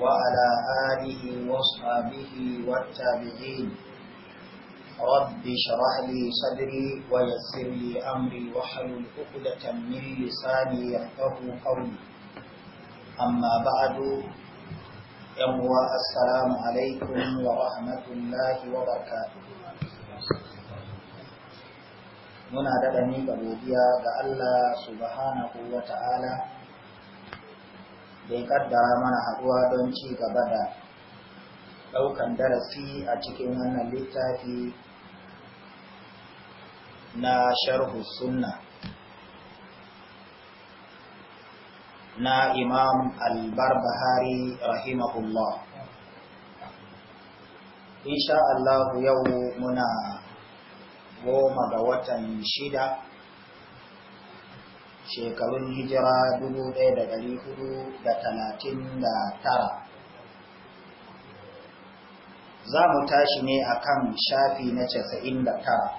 وعلى آله وصحبه والتابعين رب اشرح لي صدري ويسر لي أمري واحلل عقدة من لساني يفقهوا قولي أما بعد يموى السلام عليكم ورحمة الله وبركاته muna daɗa miƙa godiya ga Allah subhanahu wa ta'ala da ya kaddara mana haɗuwa don ci gaba da ɗaukan darasi a cikin wannan littafi na sharhu sunna na imam Albarbahari rahimahullah insha Allah yau muna goma ga watan shida shekarun hijira dubu ɗaya da da hudu talatin 1439 za mu tashi ne a kan shafi na casa'in da tara.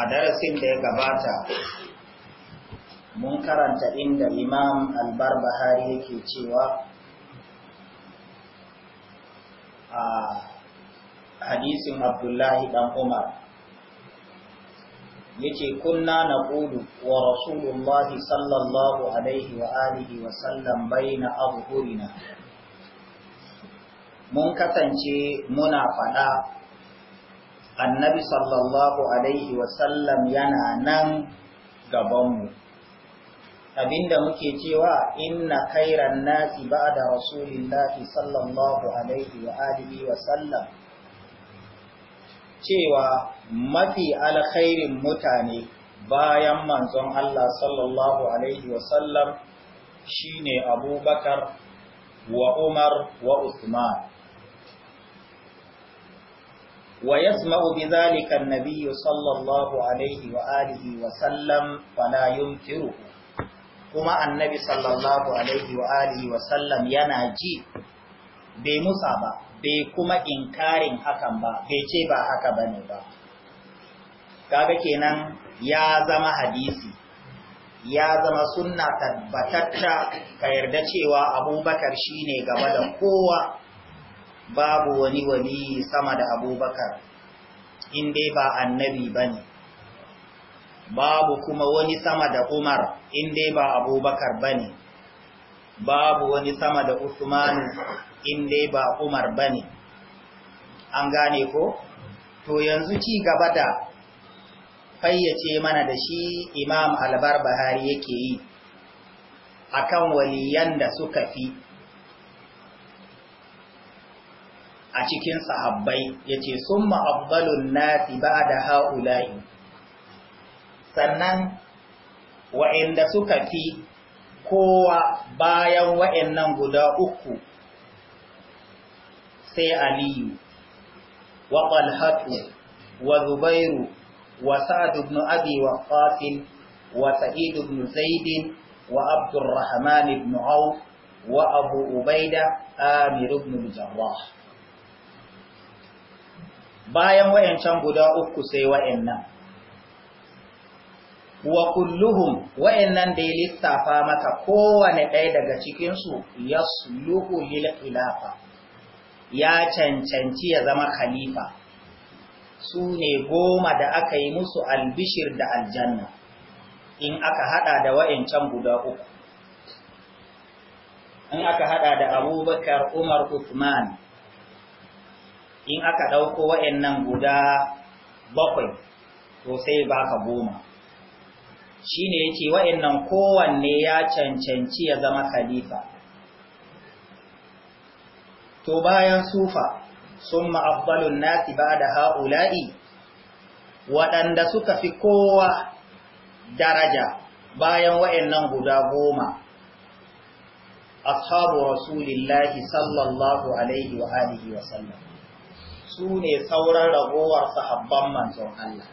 a darasin da ya gabata mun karanta inda imam albarbahari yake cewa a hadisin abdullahi dan umar yace kunna naqulu wa rasulullah sallallahu alaihi wa alihi wa sallam baina abhurina mun kasance muna fada annabi sallallahu alaihi wa sallam yana nan gabanmu abinda muke cewa inna khairan nasi ba'da rasulillahi sallallahu alaihi wa alihi wa sallam cewa mafi alkhairin mutane bayan manzon Allah sallallahu Alaihi wasallam shi ne abubakar wa Umar wa Usman. Wa yasma'u bi zalika Nabiyu sallallahu alaihi wa alihi wa sallam fala yunkiru kuma annabi sallallahu alaihi wa alihi wa sallam yana ji bai musa ba bai kuma inkarin hakan ba bai ce ba haka bane ba kaga kenan ya zama hadisi ya zama sunna tabbatatta ka yarda cewa abubakar shine gaba da kowa babu wani wani sama da abubakar in dai ba annabi bane babu kuma wani sama da umar in dai ba abubakar bane babu wani sama da usmanu in dai ba Umar ba ne, an gane ko to yanzu ci gaba da fayyace mana da shi Imam Albarbahari Bahari yake yi kan waliyan da suka fi a cikin sahabbai Ya yace sun afdalun nasi da ha'ulayi sannan wa'inda suka fi kowa bayan wa'in nan guda uku sai aliyu wa talhatu wa zubairu wa sa'ad ibn abi waqqas wa sa'id ibn zaid wa abdurrahman ibn auf wa abu ubaida amir ibn jarrah bayan wayancan guda uku sai wayannan wa kulluhum wayannan da ya lissafa maka kowane ɗaya daga cikinsu ya suluhu lil khilafa ya cancanci ya zama khalifa su ne goma da aka yi musu albishir da aljanna in aka hada da wa'incan guda uku in aka hada da abubakar umar Uthman in aka dauko wa'annan guda bakwai to sai baka goma shine yake wa'annan kowanne ya cancanci ya zama khalifa to bayan sufa sun ma'afbalun nati ba da ha'ula'i waɗanda suka fi kowa daraja bayan wa'yannan guda goma ashabu rasulillahi sallallahu alaihi wa alihi wa sallam su ne sauran ragowar sahabban manzon Allah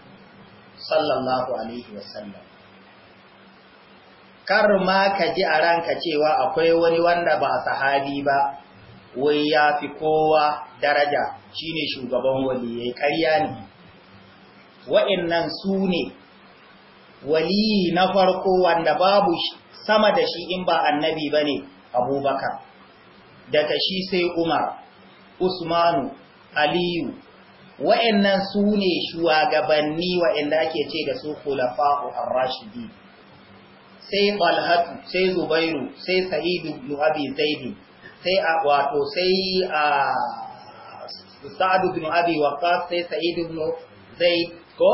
sallallahu alaihi wa sallam kar ma ka ji a ranka cewa akwai wani wanda ba sahabi ba wai ya fi kowa daraja shi ne shugaban waliyai karya ne wa'annan su ne waliyi na farko wanda babu sama da shi in ba annabi ba ne abubakar daga shi sai umar usmanu aliyu wa'annan su ne shugabanni wa'anda ake ce da su kulafa'u a rashidi sai balhatu sai zubairu sai sa'idu yuhabi zaidi sai a wato sai a sa'ad ibn abi waqqas sai sa'id ibn zaid ko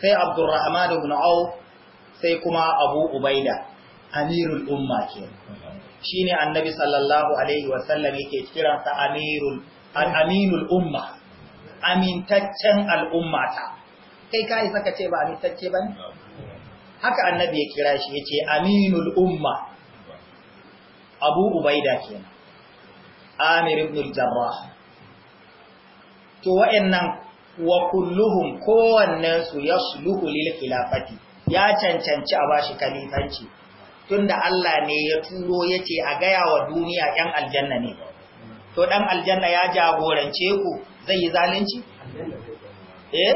sai abdurrahman ibn auf sai kuma abu ubaida amirul umma ke shine annabi sallallahu alaihi wasallam yake kiransa amirul aminul umma amintaccen al'ummata kai ka yi saka ce ba amintacce ba ne? Haka annabi ya kira shi ya ce aminul umma, abu ubaida kenan. amir ibn al-jarrah to wa'annan wa kulluhum kowannen su yasluhu lil khilafati ya cancanci a bashi kalifanci tunda Allah ne ya turo yace a gaya wa duniya yan aljanna ne to ɗan aljanna ya jagorance ku zai yi zalunci eh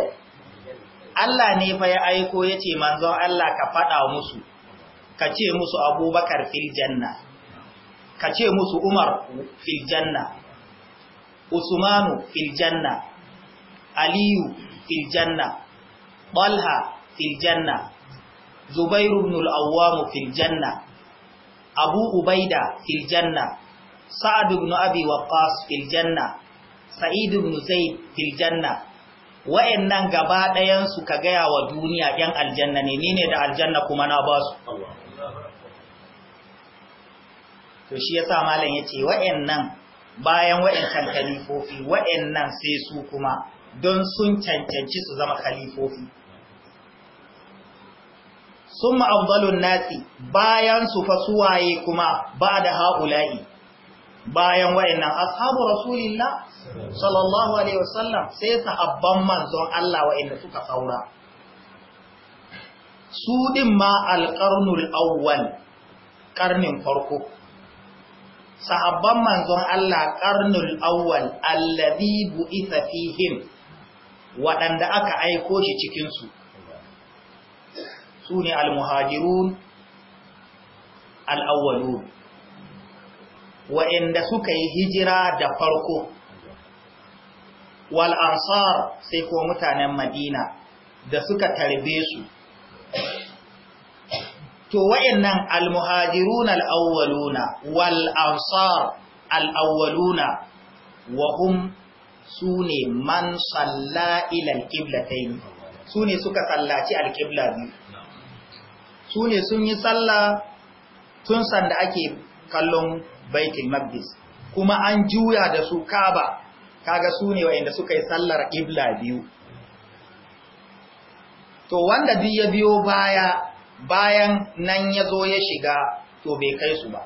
Allah ne fa ya aiko yace manzon Allah ka fada musu ka ce musu Abubakar fil janna ka ce musu umar fil janna usmanu fil janna aliyu fil janna filjanna fil janna zubairu ibn al-awwam fil janna abu ubaida fil janna sa'ad ibn abi waqqas fil janna sa'id ibn zaid fil janna wa'annan gaba ɗayan su ka gaya wa duniya ɗan aljanna ne ni ne da aljanna kuma na ba su to shi yasa malam yace wa'annan bayan wa'annan khalifofi wa'annan sai su kuma don sun cancanci su zama khalifofi summa afdalun nasi bayan su fa suwaye kuma ba da haula'i bayan wa'annan ashabu rasulillah sallallahu alaihi wasallam sai sahabban manzon Allah wayanda suka saura su din ma alqarnul awwal karnin farko sahabban manzon Allah karnul awwal allazi bu'itha fihim waɗanda aka aiko shi cikin su sune almuhajirun alawwalun waɗanda suka yi hijira da farko wal ansar sai ko mutanen Madina da suka tarbe su to wayannan almuhajirun alawwaluna wal ansar alawwaluna wa hum sune man salla ila alqiblatayn sune suka sallaci alqibla biyu sune sun yi salla tun sanda ake kallon baitul maqdis kuma an juya da su kaaba kaga sune wayanda suka yi sallar qibla biyu to wanda biyu ya biyo baya bayan nan ya zo ya shiga to bai kai su ba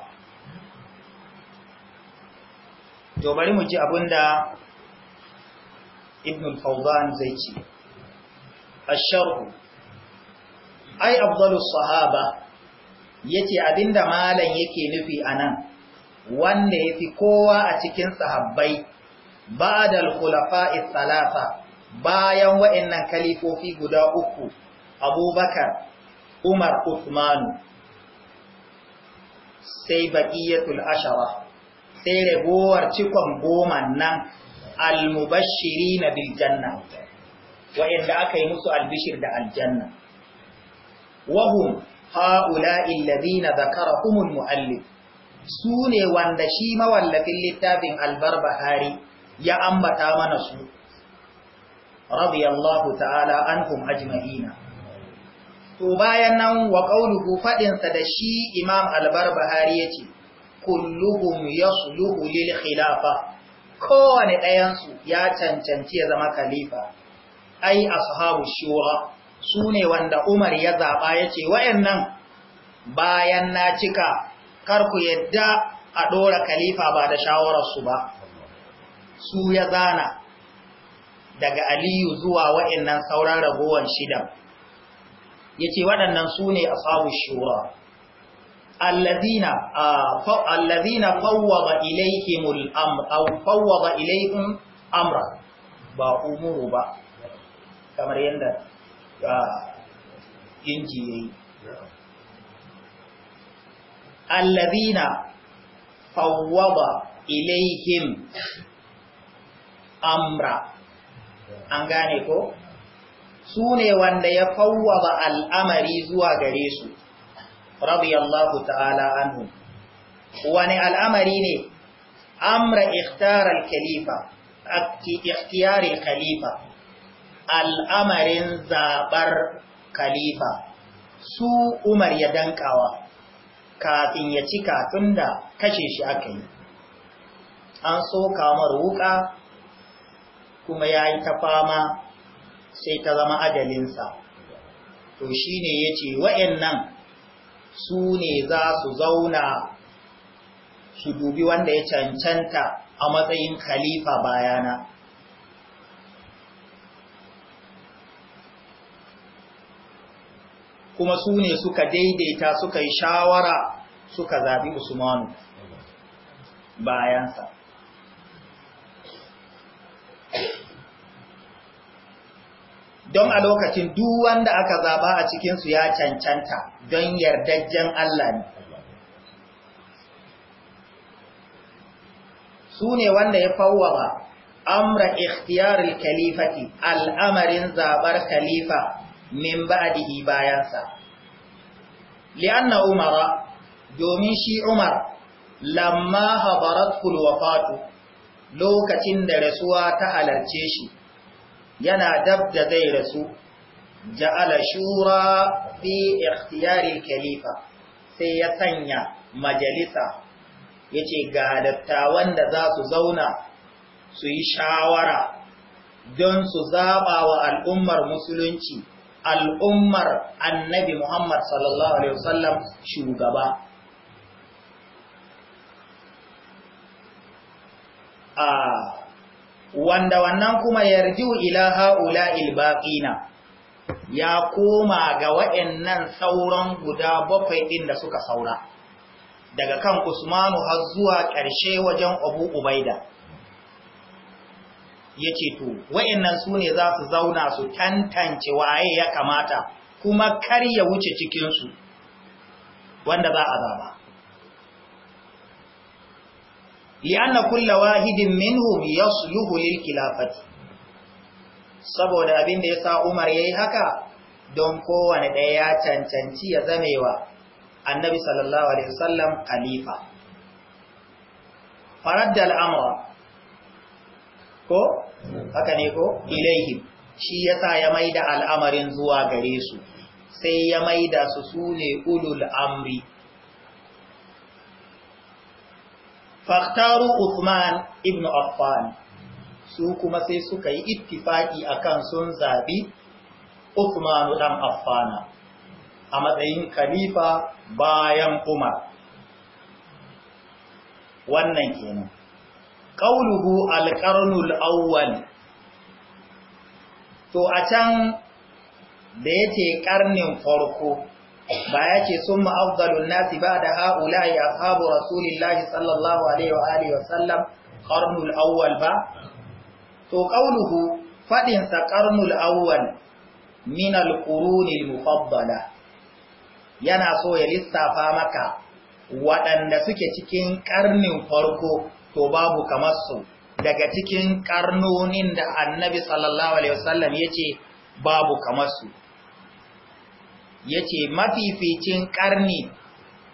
to bari mu ji abinda ibn al-fawzan zai ce Asharu, ai afdalus sahaba yace abinda malam yake nufi anan wanda yafi kowa a cikin sahabbai ba'da al-khulafa'is salasa bayan wa'annan kalifofi guda uku abubakar Umar Usmanu, sai baqiyatul ashara sai ragowar cikon goma nan almubashirina bil janna wa'anda aka yi musu albishir da aljanna wahum ha'ula'i alladhina dhakarahumul muallif sune wanda shi mawallafin littafin albarbahari ya ambata mana su radiyallahu ta'ala anhum ajma'ina to bayan nan wa ƙaunuhu faɗinsa da shi imam albarbahari ya ce kulluhum ya suluhu lil khilafa kowane ɗayansu ya cancanci ya zama khalifa ai ashabu shura su ne wanda umar ya zaɓa ya ce wa'yannan bayan na cika karku yadda a ɗora khalifa ba da shawararsu ba su ya zana daga aliyu zuwa wa'yannan sauran ragowar shida. Ya ce waɗannan sune ashabu shura alladhina fa alladhina fawwada ilayhimul amr aw fawwada amra ba umuru ba kamar yadda inji ya yayi alladhina fawwada ilayhim amra an gane ko su ne wanda ya fawwaba al'amari zuwa gare su radiyallahu ta'ala anhu wani al'amari ne amra ikhtar al-khalifa ikhtiyar khalifa al'amarin zabar khalifa su Umar ya dankawa kafin ya cika da kashe shi aka yi an so kamar wuka kuma yayi ta fama sai ta zama adalinsa, to shi ne ce yace nan su ne za su zauna su dubi wanda ya cancanta a matsayin khalifa bayana kuma su ne suka daidaita suka yi shawara suka zaɓi usmanu bayansa don a lokacin duk wanda aka zaba a cikinsu ya cancanta don yardajjen Allah ne. Su ne wanda ya ba, amra ikhtiyarul kalifati al'amarin zabar kalifa min ba'dihi bayansa. Li'anna Umara, domin shi Umar, lamma habarat wafatu lokacin da rasuwa ta halarce shi. yana dab da zai rasu ja'ala shura fi ikhtiyari khalifa sai ya sanya majalisa yace ga dattawan da za su zauna su yi shawara don su zaba wa al'ummar musulunci al'ummar annabi Muhammad sallallahu alaihi wasallam shugaba a ah, wanda wannan kuma yarju ila haula ilbaqina ya koma ga waɗannan sauran guda bakwai ɗin da suka saura daga kan usmanu har zuwa ƙarshe wajen abu ubaida yace to waɗannan su ne za su zauna su tantance waye ya kamata kuma kar ya wuce cikinsu wanda za a zaba li'anna kulla wahidin minhum yasluhu lil khilafati saboda abin da yasa Umar yayi haka don kowane ɗaya ya cancanci ya zamewa annabi sallallahu alaihi wasallam khalifa faradda al'amra ko haka ne ko ilaihim shi yasa ya maida al'amarin zuwa gare su sai ya maida su sune ulul amri faktaru Uthman ibn Affan su kuma sai suka yi ittifaki akan sun zabi Uthmanu Ɗan Affana a matsayin khalifa bayan Umar wannan kenan Ƙaunuhu alƙarnul Auwal to a can da yake ƙarnin farko ba ya ce sun ma'afdalun nasi ba da ha'ula ya ashabu rasulillahi sallallahu alaihi wa alihi sallam ƙarnul awwal ba to ƙauluhu faɗinsa ƙarnul awwal minal alƙuruni mufaddala yana so ya lissafa maka waɗanda suke cikin ƙarnin farko to babu kamarsu daga cikin ƙarnonin da annabi sallallahu alaihi wasallam ya ce babu kamarsu. ya ce mafificin ƙarni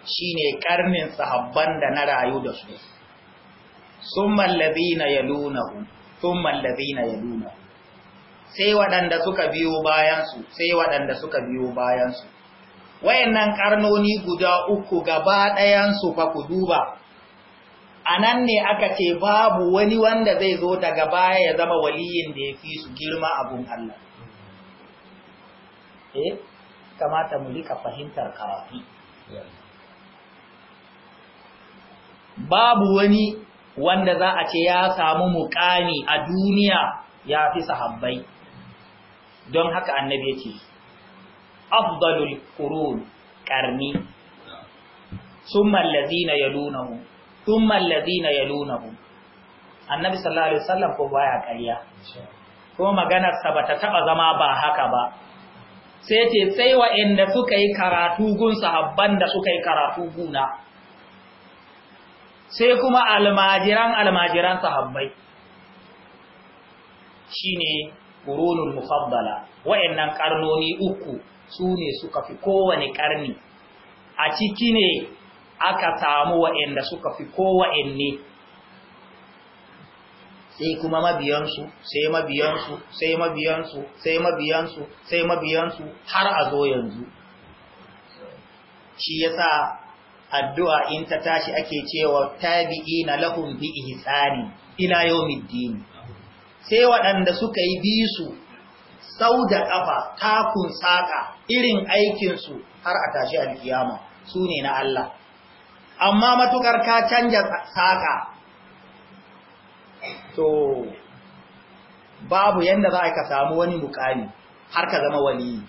shi ne ƙarnin sahabban da na rayu da su sun mallabi na yalunahu sun mallabi na sai waɗanda suka biyo bayansu sai waɗanda suka biyo bayansu wayannan ƙarnoni guda uku gaba ɗayansu fa ku duba a nan ne aka ce babu wani wanda zai zo daga baya ya zama waliyin da ya fi su girma abun Allah eh kamata mu rika fahimtar karafi babu wani wanda za a ce ya samu mukami a duniya ya fi sahabbai don haka annabi ya ce afdalul qurun karni summa allazina yalunahu summa allazina yalunahu annabi sallallahu alaihi wasallam ko baya kariya ko maganarsa ba bata taɓa zama ba haka ba sai ce sai wa'anda suka yi karatu gun sahabban da suka yi karatu guna sai kuma almajiran almajiran sahabbai shine qurunul mufaddala wa'annan karnoni uku sune suka fi kowane karni a ciki ne aka samu wa'anda suka fi kowanne sai kuma mabiyansu sai mabiyansu sai mabiyansu sai mabiyansu sai mabiyansu har a zo yanzu shi yasa addu'a in ta tashi ake cewa tabi'ina lahum bi ihsani ila yawmiddin sai waɗanda suka yi bisu sau da ƙafa takun saƙa irin aikinsu har a tashi alkiyama su ne na Allah amma matukar ka canja saƙa to babu yanda za ka samu wani mukami har ka zama wali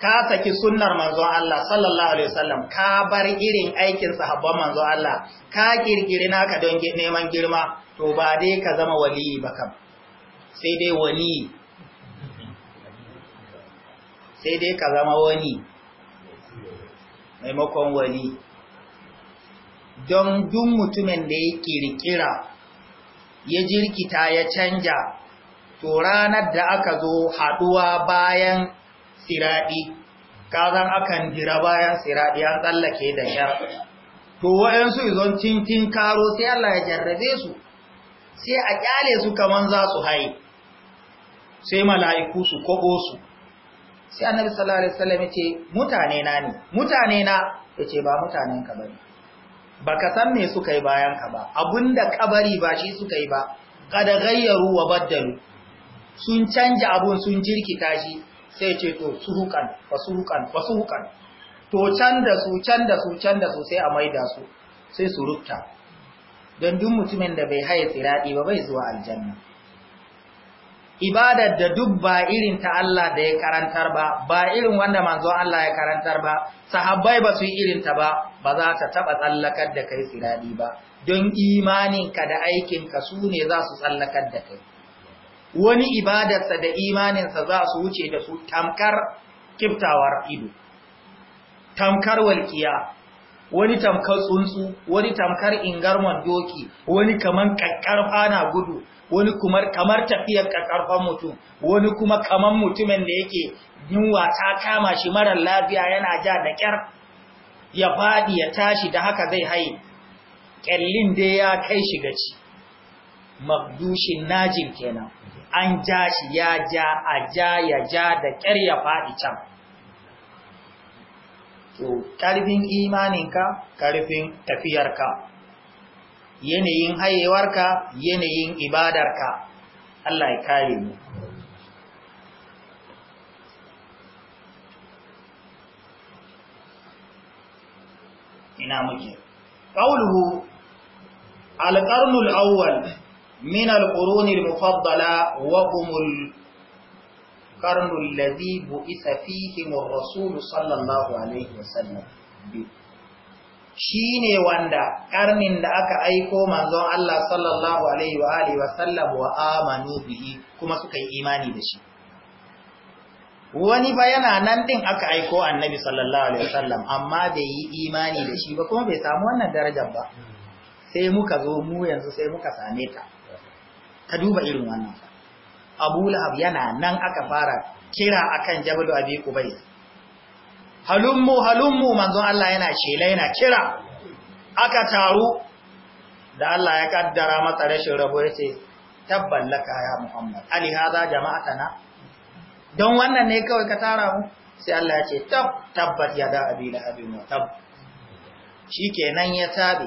ka saki sunnar manzon Allah sallallahu alaihi wasallam ka bar irin aikin sahabban manzon Allah ka kirkire naka don neman girma to ba dai ka zama wali ba kam sai dai wali sai dai ka zama wani maimakon wani. don duk mutumin da ya kirkira ya jirkita ya canja to ranar da aka zo haɗuwa bayan siradi kazan akan jira bayan siraɗi an tsallake da shar to wayansu izon cincin karo sai Allah ya jarrabe su sai a ƙyale su kaman za su haye sai mala'iku su kobo su sai annabi sallallahu alaihi wasallam ya ce mutane na ne mutane na yace ba mutanen ka bane Ba ka san me suka yi bayan ka ba abinda kabari ba shi suka yi ba kada gayyaru wa baddalu sun canja abun sun jirkita shi sai ce to suhukan fasuhukan fasuhukan to canda su canda su canda su sai a maida su sai su rutta don duk mutumin da bai haye tsiradi ba bai zuwa aljanna ibadar da duk ba irin ta Allah da ya karantar ba ba irin wanda manzo Allah ya karantar ba sahabbai ba su yi irin ta ba ba za ta taba tsallakar da kai siradi ba don imaninka da aikinka su ne za su tsallakar da kai wani ibadarsa da imaninsa za su wuce da su tamkar kiftawar ido tamkar walkiya wani tamkar tsuntsu wani tamkar ingarman doki wani kamar kakkar na gudu wani kuma kamar tafiyar kakkarfan mutum wani kuma kamar mutumin da yake yunwa ta kama shi marar lafiya yana ja da kyar ya faɗi ya tashi da haka zai haye ƙyallin dai ya kai shi gaci magdushin najin kenan an ja shi ya ja a ja ya ja da ƙyar ya faɗi can ƙarfin imaninka ƙarfin tafiyarka yanayin hayewarka yanayin ibadarka Allah ya kare mu ina muke qawluhu al-qarnul awwal min al al mufaddala wa humul qarnul الذي بئس فيه الرسول rasul sallallahu alaihi وسلم shine wanda karnin da aka aiko manzon Allah sallallahu alaihi wa alihi sallam wa amanu bihi kuma suka yi imani da shi wani bayana nan din aka aiko annabi sallallahu alaihi wa sallam, amma bai yi imani da shi ba kuma bai samu wannan darajar ba sai muka zo mu yanzu sai muka same ta ka duba irin wannan abu lahab yana nan aka fara kira akan jabal abi kubai halummu halummu manzon Allah yana shela yana kira aka taru da Allah ya kaddara masa rashin rabo yace tabbalaka ya muhammad ali hada jama'atana don wannan ne kawai ka tara mu sai Allah ya ce tab tabbat da abi lahab wa tab shikenan ya tabe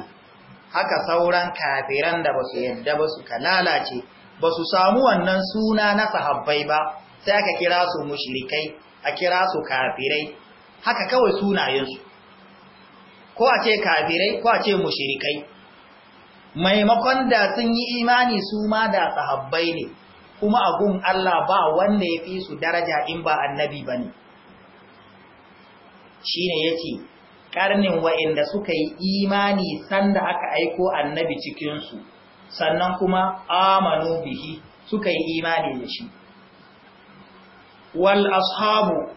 haka sauran kafiran da ba su yadda ba su lalace ba su samu wannan suna na sahabbai ba sai aka kira su mushrikai a kira su kafirai haka kawai sunayensu ko a ce kafirai ko a ce mushrikai maimakon da sun yi imani su ma da sahabbai ne kuma a gun Allah ba wanda ya fi su daraja in ba annabi ba ne shi ne ya ce ƙarnin suka yi imani sanda aka aiko annabi cikinsu sannan kuma amanu bihi suka yi imani da shi wal ashabu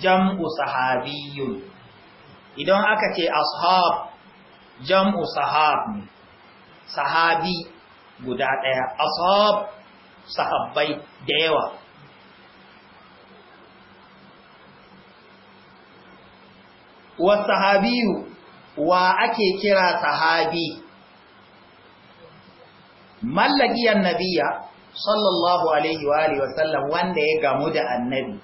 jam'u sahabiyun idan aka ce ashab jam'u sahab sahabi guda ɗaya ashab sahabbai da yawa wa sahabiyu wa ake kira sahabi mallakiyar nabiya sallallahu alaihi wa alihi wasallam wanda ya gamu da annabi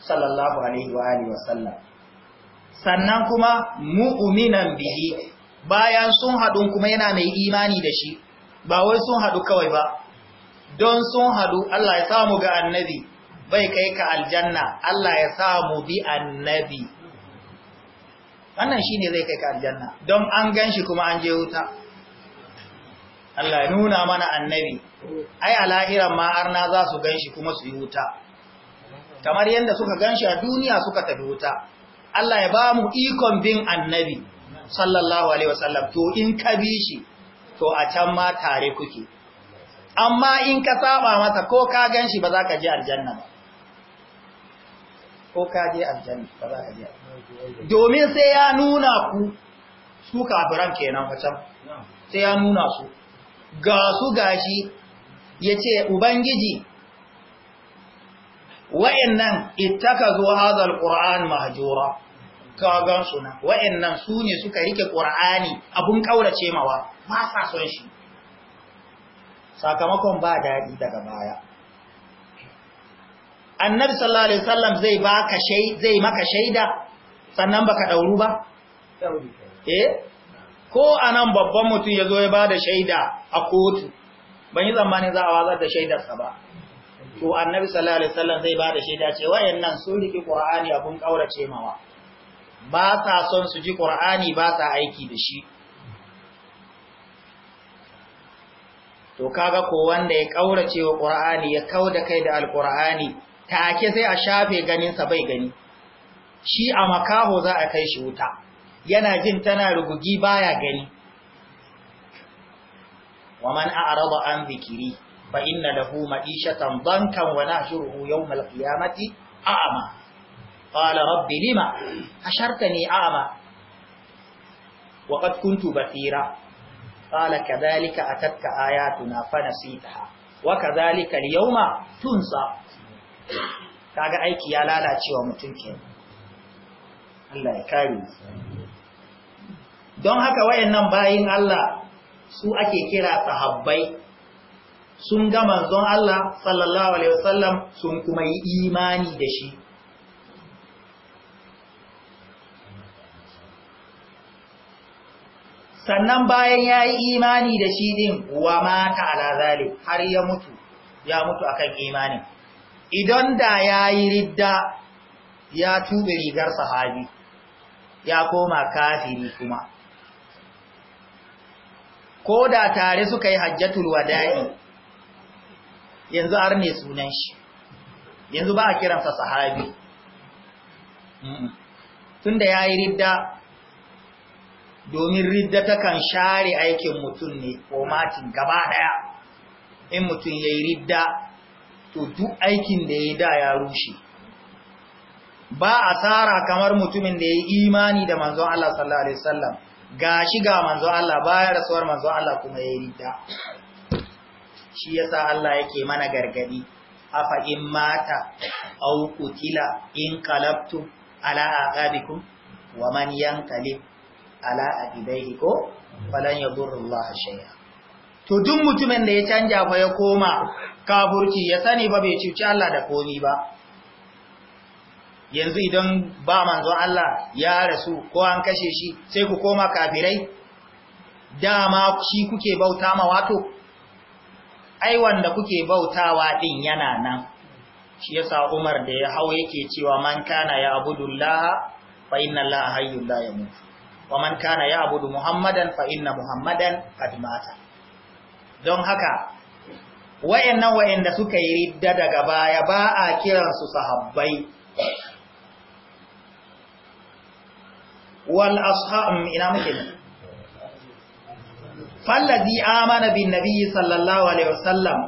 sallallahu alaihi wa alihi wasallam sannan kuma mu'minan bihi bayan sun haɗu kuma yana mai imani da shi ba wai sun haɗu kawai ba don sun haɗu Allah ya samu ga annabi bai kai ka aljanna Allah ya samu bi annabi wannan shine zai kai ka aljanna don an ganshi kuma an je wuta Allah nuna mana annabi ai a lahiran ma arna za su ganshi kuma su yi wuta kamar yadda suka ganshi a duniya suka tafi wuta Allah ya ba mu ikon bin annabi sallallahu alaihi wasallam to in ka bi shi to a can ma tare kuke amma in ka saba masa ko ka ganshi ba za ka je aljanna ba ko ka je aljanna ba za ka je domin sai ya nuna ku su kafiran kenan fa can sai ya nuna su ga su gashi ya ce ubangiji wa'yannan ittaka zo hazal ƙura'an mahajura kagan suna wa'yannan su ne suka rike ƙura'ani abun ƙaurace mawa ba sa son shi sakamakon ba daɗi daga baya annabi sallallahu alaihi wasallam zai baka shay zai maka shaida sannan baka dauru ba eh ko a nan babban mutum ya zo ya ba da shaida a kotu ban yi zamanin za a wazar da shaidarsa ba to annabi sallallahu alaihi wasallam zai bada shaida ce wayannan sun riki qur'ani abun kaurace mawa ba sa son su ji qur'ani ba sa aiki da shi to kaga ko wanda ya kaurace wa qur'ani ya kauda kai da alqur'ani take sai a shafe ganin sa bai gani shi a makaho za a kai shi wuta yana jin tana rugugi baya gani waman a'rada an zikiri fa inna lahu ma'ishatan bankan wa nahshuruhu yawmal qiyamati a'ma qala rabbi lima ashartani a'ma wa qad kuntu basira qala kadhalika atatka ayatuna fa nasitaha wa kadhalika al-yawma tunsa kaga aiki ya lalacewa mutum kenan Allah ya kare mu don haka wayannan bayin Allah su ake kira sahabbai sun ga manzon Allah sallallahu alaihi wasallam sun kuma yi imani da shi sannan bayan ya yi imani da shi din wa mata alazali har ya mutu ya mutu akan imanin idan da ya yi ridda ya tuɓe rigar sahabi ya koma kafiri kuma ko da tare suka yi hajjatul wada'i yanzu har ne sunan shi yanzu ba a kiransa sahabi tunda ya yi ridda domin ridda takan share aikin mutum ne ko matin gaba daya in mutum ya yi ridda to duk aikin da ya da ya rushe ba asara kamar mutumin da ya yi imani da manzon Allah sallallahu Alaihi wasallam ga shi ga manzo Allah baya rasuwar manzo Allah kuma ya yi rita. shi yasa Allah yake mana gargadi afa in mata aw qutila in qalabtum ala aqabikum wa man yanqalib ala aqibaihi ko falan a shay'a to duk mutumin da ya canja fa ya koma kafurci ya sani ba bai cuci Allah da komi ba yanzu idan ba manzon Allah ya rasu ko an kashe shi sai ku koma kafirai dama shi kuke bauta ma wato ai wanda kuke bautawa din yana nan shi yasa Umar da ya hawo yake cewa man kana ya abudullah fa inna Allah hayyul la yamut wa man kana ya abudu Muhammadan fa inna Muhammadan qad mata don haka wayannan wayanda suka yi ridda daga baya ba a kiransu sahabbai wal ashab mm, ina muke fallazi amana bin nabiyyi sallallahu alaihi wasallam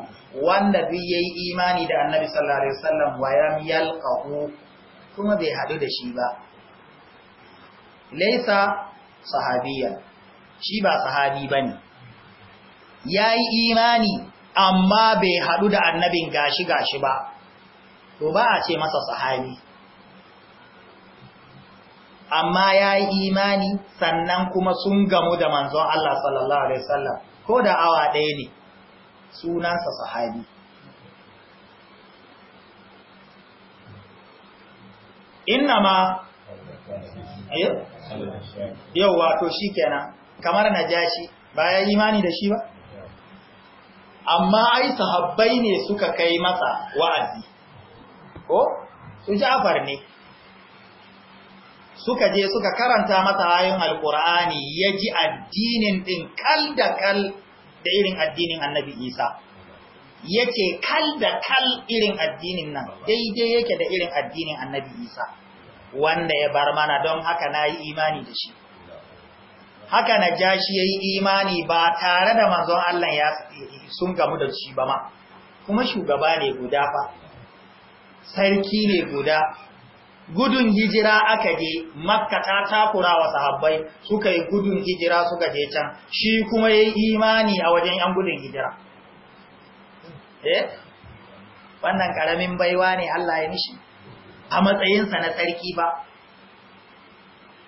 wanda duk yi imani da annabi sallallahu alaihi wasallam wa yam yalqahu kuma bai haɗu da shi ba laisa sahabiya shi ba sahabi ba ne. Ya yi imani amma bai haɗu da annabin gashi gashi ba to ba a ce masa sahabi amma ya yi imani sannan kuma sun gamu da manzon Allah sallallahu Alaihi wasallam ko da awa ɗaya ne sunansa sahabi. Inna ma, yau wato shi kenan, kamar na ja shi, ba ya imani da shi ba? Amma ai sahabbai ne suka kai masa wa'azi, ko? Su ja'afar ne. suka je suka karanta masa ayoyin alkur'ani ya ji addinin ɗin kal da kal da irin addinin annabi isa ya ce kal da kal irin addinin nan daidai yake da irin addinin annabi isa wanda ya bar mana don haka na yi imani da shi haka na ja shi ya yi imani ba tare da manzon Allah ya sun gamu da shi ba ma kuma shugaba ne guda fa sarki ne guda gudun hijira aka je makka ta takura wa sahabbai suka yi gudun hijira suka je can shi kuma ya yi imani a wajen yan gudun hijira eh? wannan karamin baiwa ne Allah ya mishi a matsayinsa na tsarki ba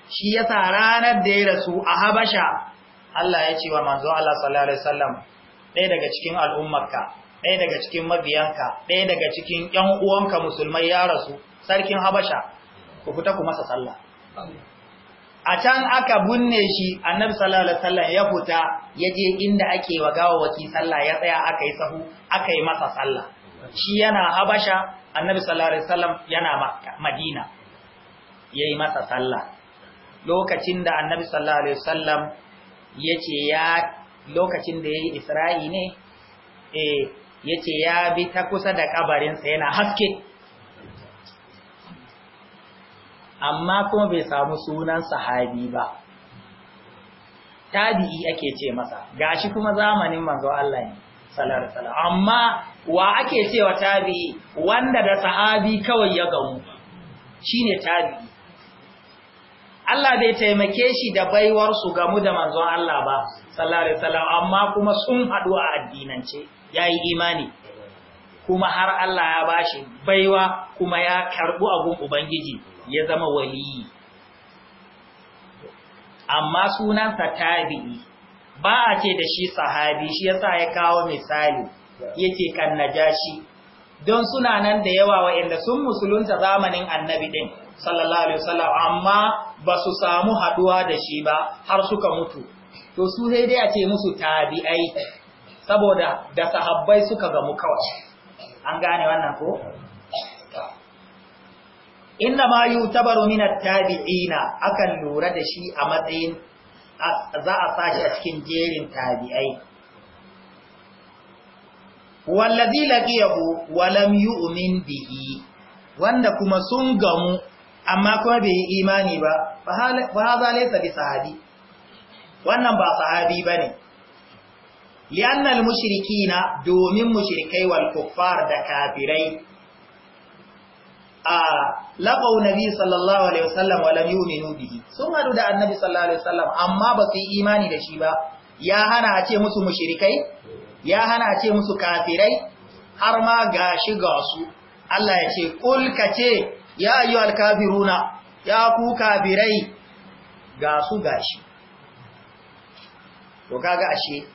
shi yasa ranar da ya rasu a habasha Allah ya ce wa manzo Allah sallallahu alaihi wasallam ɗaya daga cikin al'ummarka ɗaya daga cikin mabiyanka ɗaya daga cikin ƴan uwanka musulmai ya rasu sarkin habasha ku fita ku masa sallah a can aka binne shi annabi sallallahu alaihi wasallam ya fita ya je inda ake wa gawawaki sallah ya tsaya aka yi sahu aka yi masa sallah shi yana habasha annabi sallallahu alaihi wasallam yana madina ya yi masa sallah lokacin da annabi sallallahu alaihi wasallam ya ce ya lokacin da ya yi isra'i ne eh ya ce ya bi ta kusa da sa yana haske amma kuma bai samu sunan sahabi ba tabi'i ake ce masa gashi kuma zamanin manzo Allah ne sallallahu alaihi amma wa ake cewa tabi'i wanda da sahabi kawai ya gamu shine tabi'i Allah bai taimake shi da baiwar su gamu da manzo Allah ba sallallahu alaihi wasallam amma kuma sun haɗu a addinance yayi imani kuma har Allah ya bashi baiwa kuma ya karbu abun ubangiji ya zama waliyi amma sunansa tabi'i ba a ce da shi sahabi shi yasa ya kawo misali yace kan najashi don suna nan da yawa wa'anda sun musulunta zamanin annabi din sallallahu alaihi wasallam amma ba su samu haduwa da shi ba har suka mutu to su sai dai a ce musu tabi'ai saboda da sahabbai suka gamu kawai an gane wannan ko inna ma yutabaru min at-tabi'ina akan lura da shi a matsayin za a sashi a cikin jerin tabi'ai wallazi laqiyahu wa lam yu'min bihi wanda kuma sun gamu amma kuma bai yi imani ba fa hadha laysa bi sahabi wannan ba sahabi bane ne. al-mushrikina domin mushrikai wal kuffar da kafirai laqaw nabi sallallahu alaihi wasallam wa yu'minu bihi sun hadu da annabi sallallahu alaihi wasallam amma ba su yi imani da shi ba ya hana a ce musu mushrikai ya hana a ce musu kafirai har ma gashi ga su Allah ya ce kul ce ya ayyuhal kafiruna ya ku kafirai ga su gashi to kaga ashe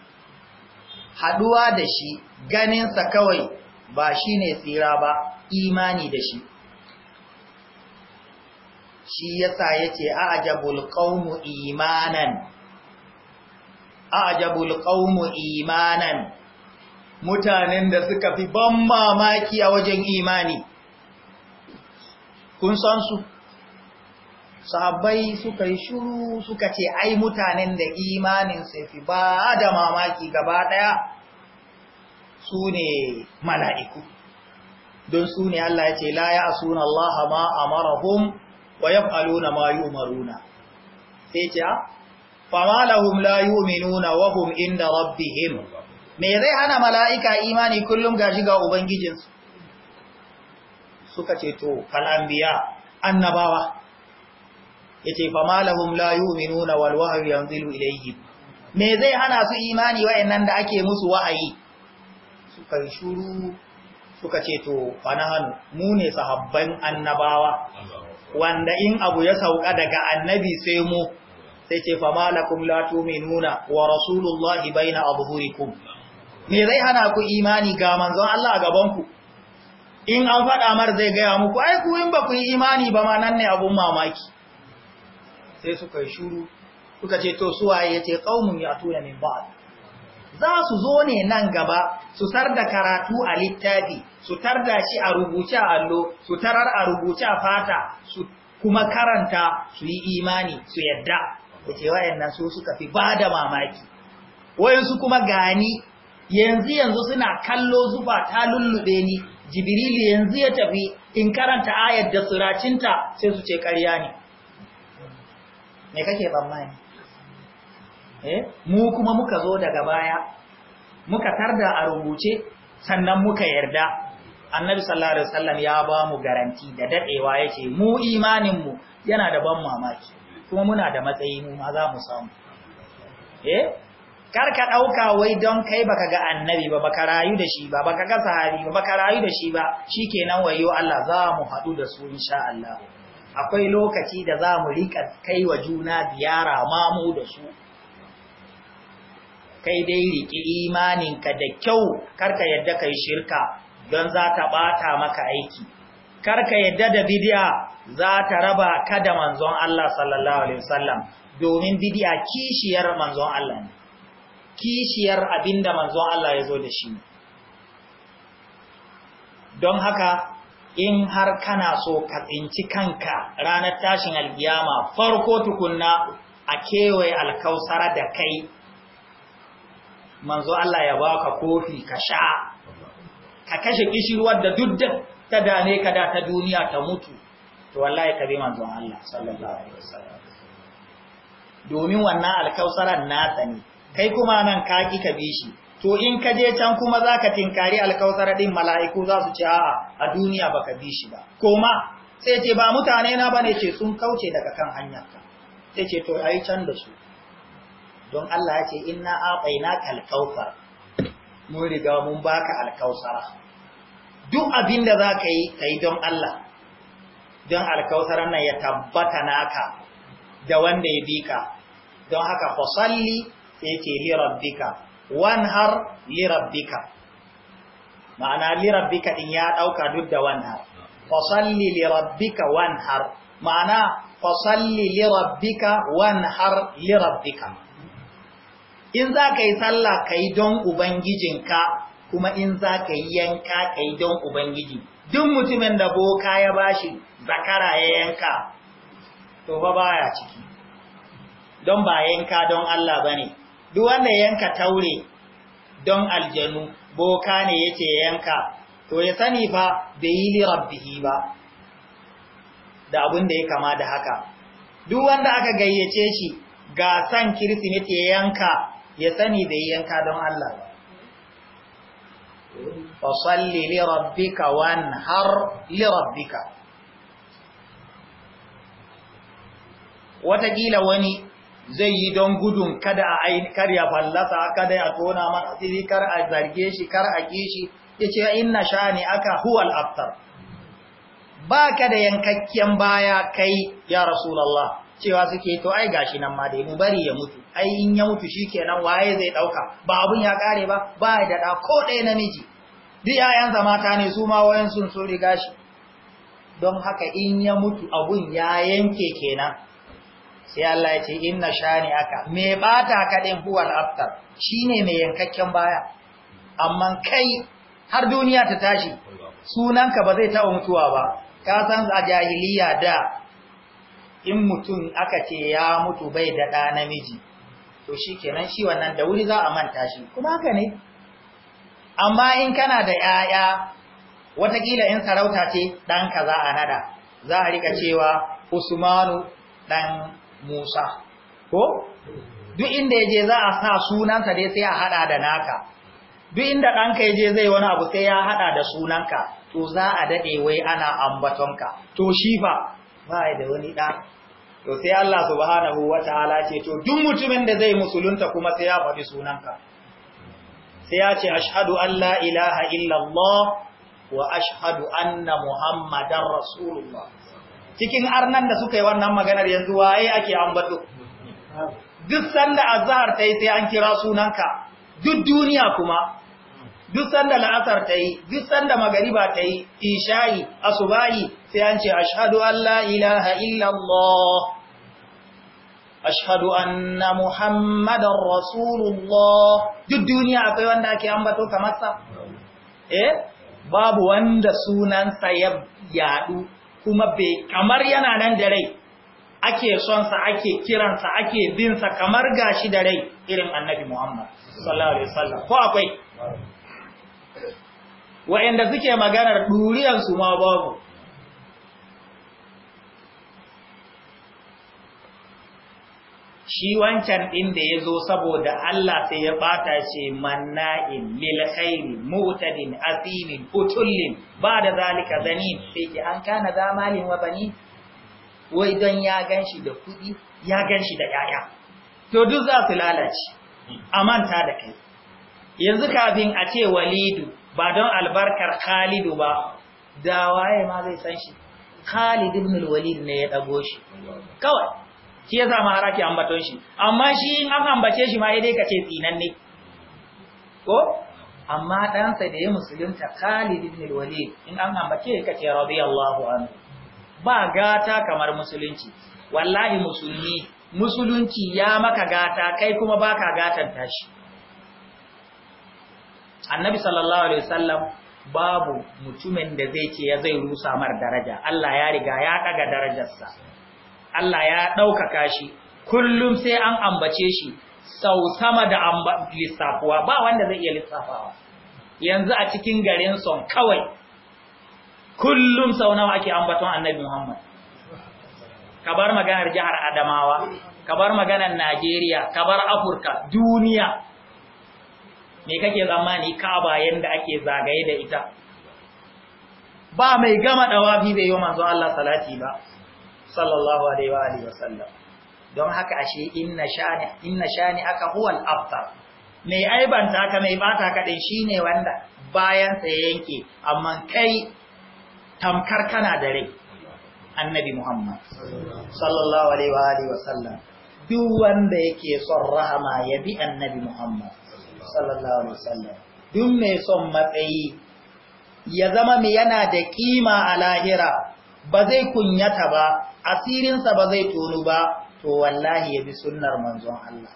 haduwa da shi ganinsa kawai ba shine tsira ba imani da shi shi yasa yace ajabul qaumu imanan ajabul qaumu imanan mutanen da suka fi ban mamaki a wajen imani kun san su sahabbai suka yi shuru suka ce ai mutanen da imanin sai fi ba da mamaki gaba daya su ne mala'iku don su ne Allah ya ce la ya asuna Allah ma amarahum wa yaf'aluna ma yu'maruna sai ce ah, Fa lahum la yu'minuna wa hum inda rabbihim me zai hana mala'ika imani kullum gashi ga ubangijinsu suka ce to kal’ambiya anbiya annabawa yace fama lahum la yu'minuna wal wahyu yanzilu ilayhim me zai hana su imani wayannan da ake musu wahayi suka yi shuru suka ce to fa hannu. mu ne sahabban annabawa wanda in abu ya sauka daga annabi sai mu sai ce fa malakum la tu'minuna wa rasulullahi baina abhurikum me zai hana ku imani ga manzon Allah a gaban ku in an faɗa mar zai gaya muku ai ku in ba ku yi imani ba ma nan ne abun mamaki sai suka yi shuru suka ce to suwaye ya ce qaumun tuna min ba'd za su zo ne nan gaba su tar da karatu a littafi su tar da shi a rubuce a allo su tarar a rubuce a fata su kuma karanta su yi imani su yadda ku ce wayannan su suka fi ba da mamaki wayansu kuma gani yanzu yanzu suna kallo zuba ta lullube ni jibrilu yanzu ya tafi in karanta ayar da suracinta sai su ce ƙarya ne me kake tsammani Eh? mu kuma muka zo daga baya muka tarda a rubuce sannan muka yarda annabi sallallahu alaihi wasallam ya ba mu garanti da dadewa yake mu imanin mu yana da ban mamaki kuma muna da matsayi mu ma za mu samu eh kar ka dauka wai don kai baka ga annabi ba baka rayu da shi ba baka ga sahabi ba baka rayu da shi ba shikenan wayo Allah za mu hadu da su insha Allah akwai lokaci da za mu rika kai wa juna ziyara mamu da su kai dai riƙi imaninka da kyau karka yadda kai shirka don za ta ɓata maka aiki karka yadda da bidiya za ta raba ka da manzon Allah sallallahu alaihi wasallam domin bidiya kishiyar manzon Allah ne kishiyar abinda manzon Allah ya zo da shi don haka in har kana so ka tsinci kanka ranar tashin alkiyama farko tukunna a kewaye alkausara da kai manzo Allah ya baka kofi ka sha ka kashe kishirwar da duk ta dane ka da ta duniya ta mutu to wallahi ka bi manzo Allah sallallahu alaihi wasallam domin wannan alkausaran na ne kai kuma nan ka ki ka bi shi to in ka je can kuma zaka tinkari alkausara din mala'iku za su ce a duniya baka bi shi ba koma sai ce ba mutane na bane ce sun kauce daga kan hanyar ka sai ce to ai can da su don Allah ya ce inna a'tainaka al-kautsar mun riga mun baka al-kautsara duk abin da zaka yi kai don Allah don al-kautsaran nan ya tabbata naka da wanda ya bika don haka fasalli sai ce li rabbika wanhar li rabbika ma'ana li rabbika din ya dauka duk da wanhar fasalli li rabbika wanhar ma'ana fasalli li rabbika wanhar li rabbika in za ka yi sallah ka yi don ubangijinka kuma in za ka yi yanka ka yi don ubangiji duk mutumin da boka ya bashi zakara ya yanka to ba ya ciki don ba yanka don Allah ba ne duk wanda yanka taure don aljanu boka ne yace yanka to ya sani ba bai yi li ba da abin da ya kama da haka duk wanda aka gayyace shi ga san kirsimeti ya yanka ya sani bai yanka don Allah ba fasalli li rabbika har li rabbika Wataƙila wani zai yi don gudun kada a kar ya fallasa kada ya tona man kar a zarge shi kar a kishi yace inna shani aka huwal aftar baka da yankakken baya kai ya rasulallah. cewa suke to ai gashi nan ma dai mu bari ya mutu ai in ya mutu shikenan waye zai dauka ba abun ya kare ba ba da da ko ɗaya namiji duk yayansa zamata ne su ma wayan sun so riga shi don haka in ya mutu abun ya yanke kenan sai Allah ya ce inna shani aka me bata ka din huwal aftar shine mai yankakken baya amma kai har duniya ta tashi sunanka ba zai taɓa mutuwa ba ka san a jahiliya da in mutum aka ce ya mutu bai da ɗa namiji to shi kenan shi wannan da wuri za a manta shi kuma haka ne amma in kana da ‘ya'ya watakila in sarauta ce ɗanka za a nada za a rika cewa usmanu ɗan musa ko duk inda ya je za a sa sunansa dai sai a haɗa da naka duk inda ɗanka ya je zai wani abu sai ya haɗa da sunanka to za a daɗe wai ana ambatonka to shi ba ba da wani ɗa to sai Allah subhanahu wata'ala ce to duk mutumin da zai musulunta kuma sai ya faɗi sunanka sai ya ce ashhadu an la ilaha illallah wa ashhadu anna Muhammadan rasulullah cikin arnan da suka yi wannan maganar yanzu waye ake ambato duk sanda azhar tai sai an kira sunanka duk duniya kuma duk sanda la'asar ta yi duk sanda magariba ta yi isha'i asubahi sai an ce ashhadu an la ilaha illallah ashhadu anna muhammadar rasulullah duk duniya akwai wanda ake ambato kamar sa eh babu wanda sunansa ya yadu kuma bai kamar yana nan da rai ake sonsa ake kiransa ake binsa kamar gashi da rai irin annabi muhammad sallallahu alaihi wasallam ko akwai wa'yanda suke maganar ɗuriyarsu ma babu shi wancan ɗin da ya zo saboda Allah sai ya ɓata ce manna'in lilkhairi mutadin asimin utullin ba da zalika zani sai ke an kana zamalin wa bani wai don ya ganshi da kuɗi ya ganshi da 'ya'ya to duk za su lalace a manta da kai yanzu kafin a ce walidu ba don albarkar Khalidu ba da waye ma zai san shi Khalid ibn al-Walid ne ya dago shi kawai shi yasa ma haraki ambaton shi amma shi in an ambace shi ma dai kace tsinan ne ko amma ɗansa da ya musulunta Khalid ibn al-Walid in an ambace kace radiyallahu anhu ba gata kamar musulunci wallahi musulmi musulunci ya maka gata kai kuma baka gatan tashi annabi sallallahu alaihi wasallam babu mutumin da zai ce ya zai rusa mar daraja Allah ya riga ya daga darajarsa Allah ya ɗaukaka shi kullum sai an ambace shi sau sama da lissafuwa ba wanda zai iya lissafawa yanzu a cikin garin son kawai kullum sau nawa ake ambaton annabi Muhammad kabar maganar jihar Adamawa kabar maganar Najeriya kabar Afirka duniya me kake tsammani Ka'aba yanda ake zagaye da ita ba mai gama dawafi bai yi manzon Allah salati ba sallallahu alaihi wa sallam. don haka ashe inna shani inna shani aka huwal aftar mai aibanta ka mai bata ka din shine wanda bayan sa yanke amma kai tamkar kana da rai annabi Muhammad sallallahu alaihi wa sallam. duk wanda yake son rahama ya bi annabi Muhammad sallallahu alaihi wasallam duk mai son matsayi ya zama mai yana da kima a lahira ba zai kunyata ba asirinsa ba zai tonu ba to wallahi ya bi sunnar manzon Allah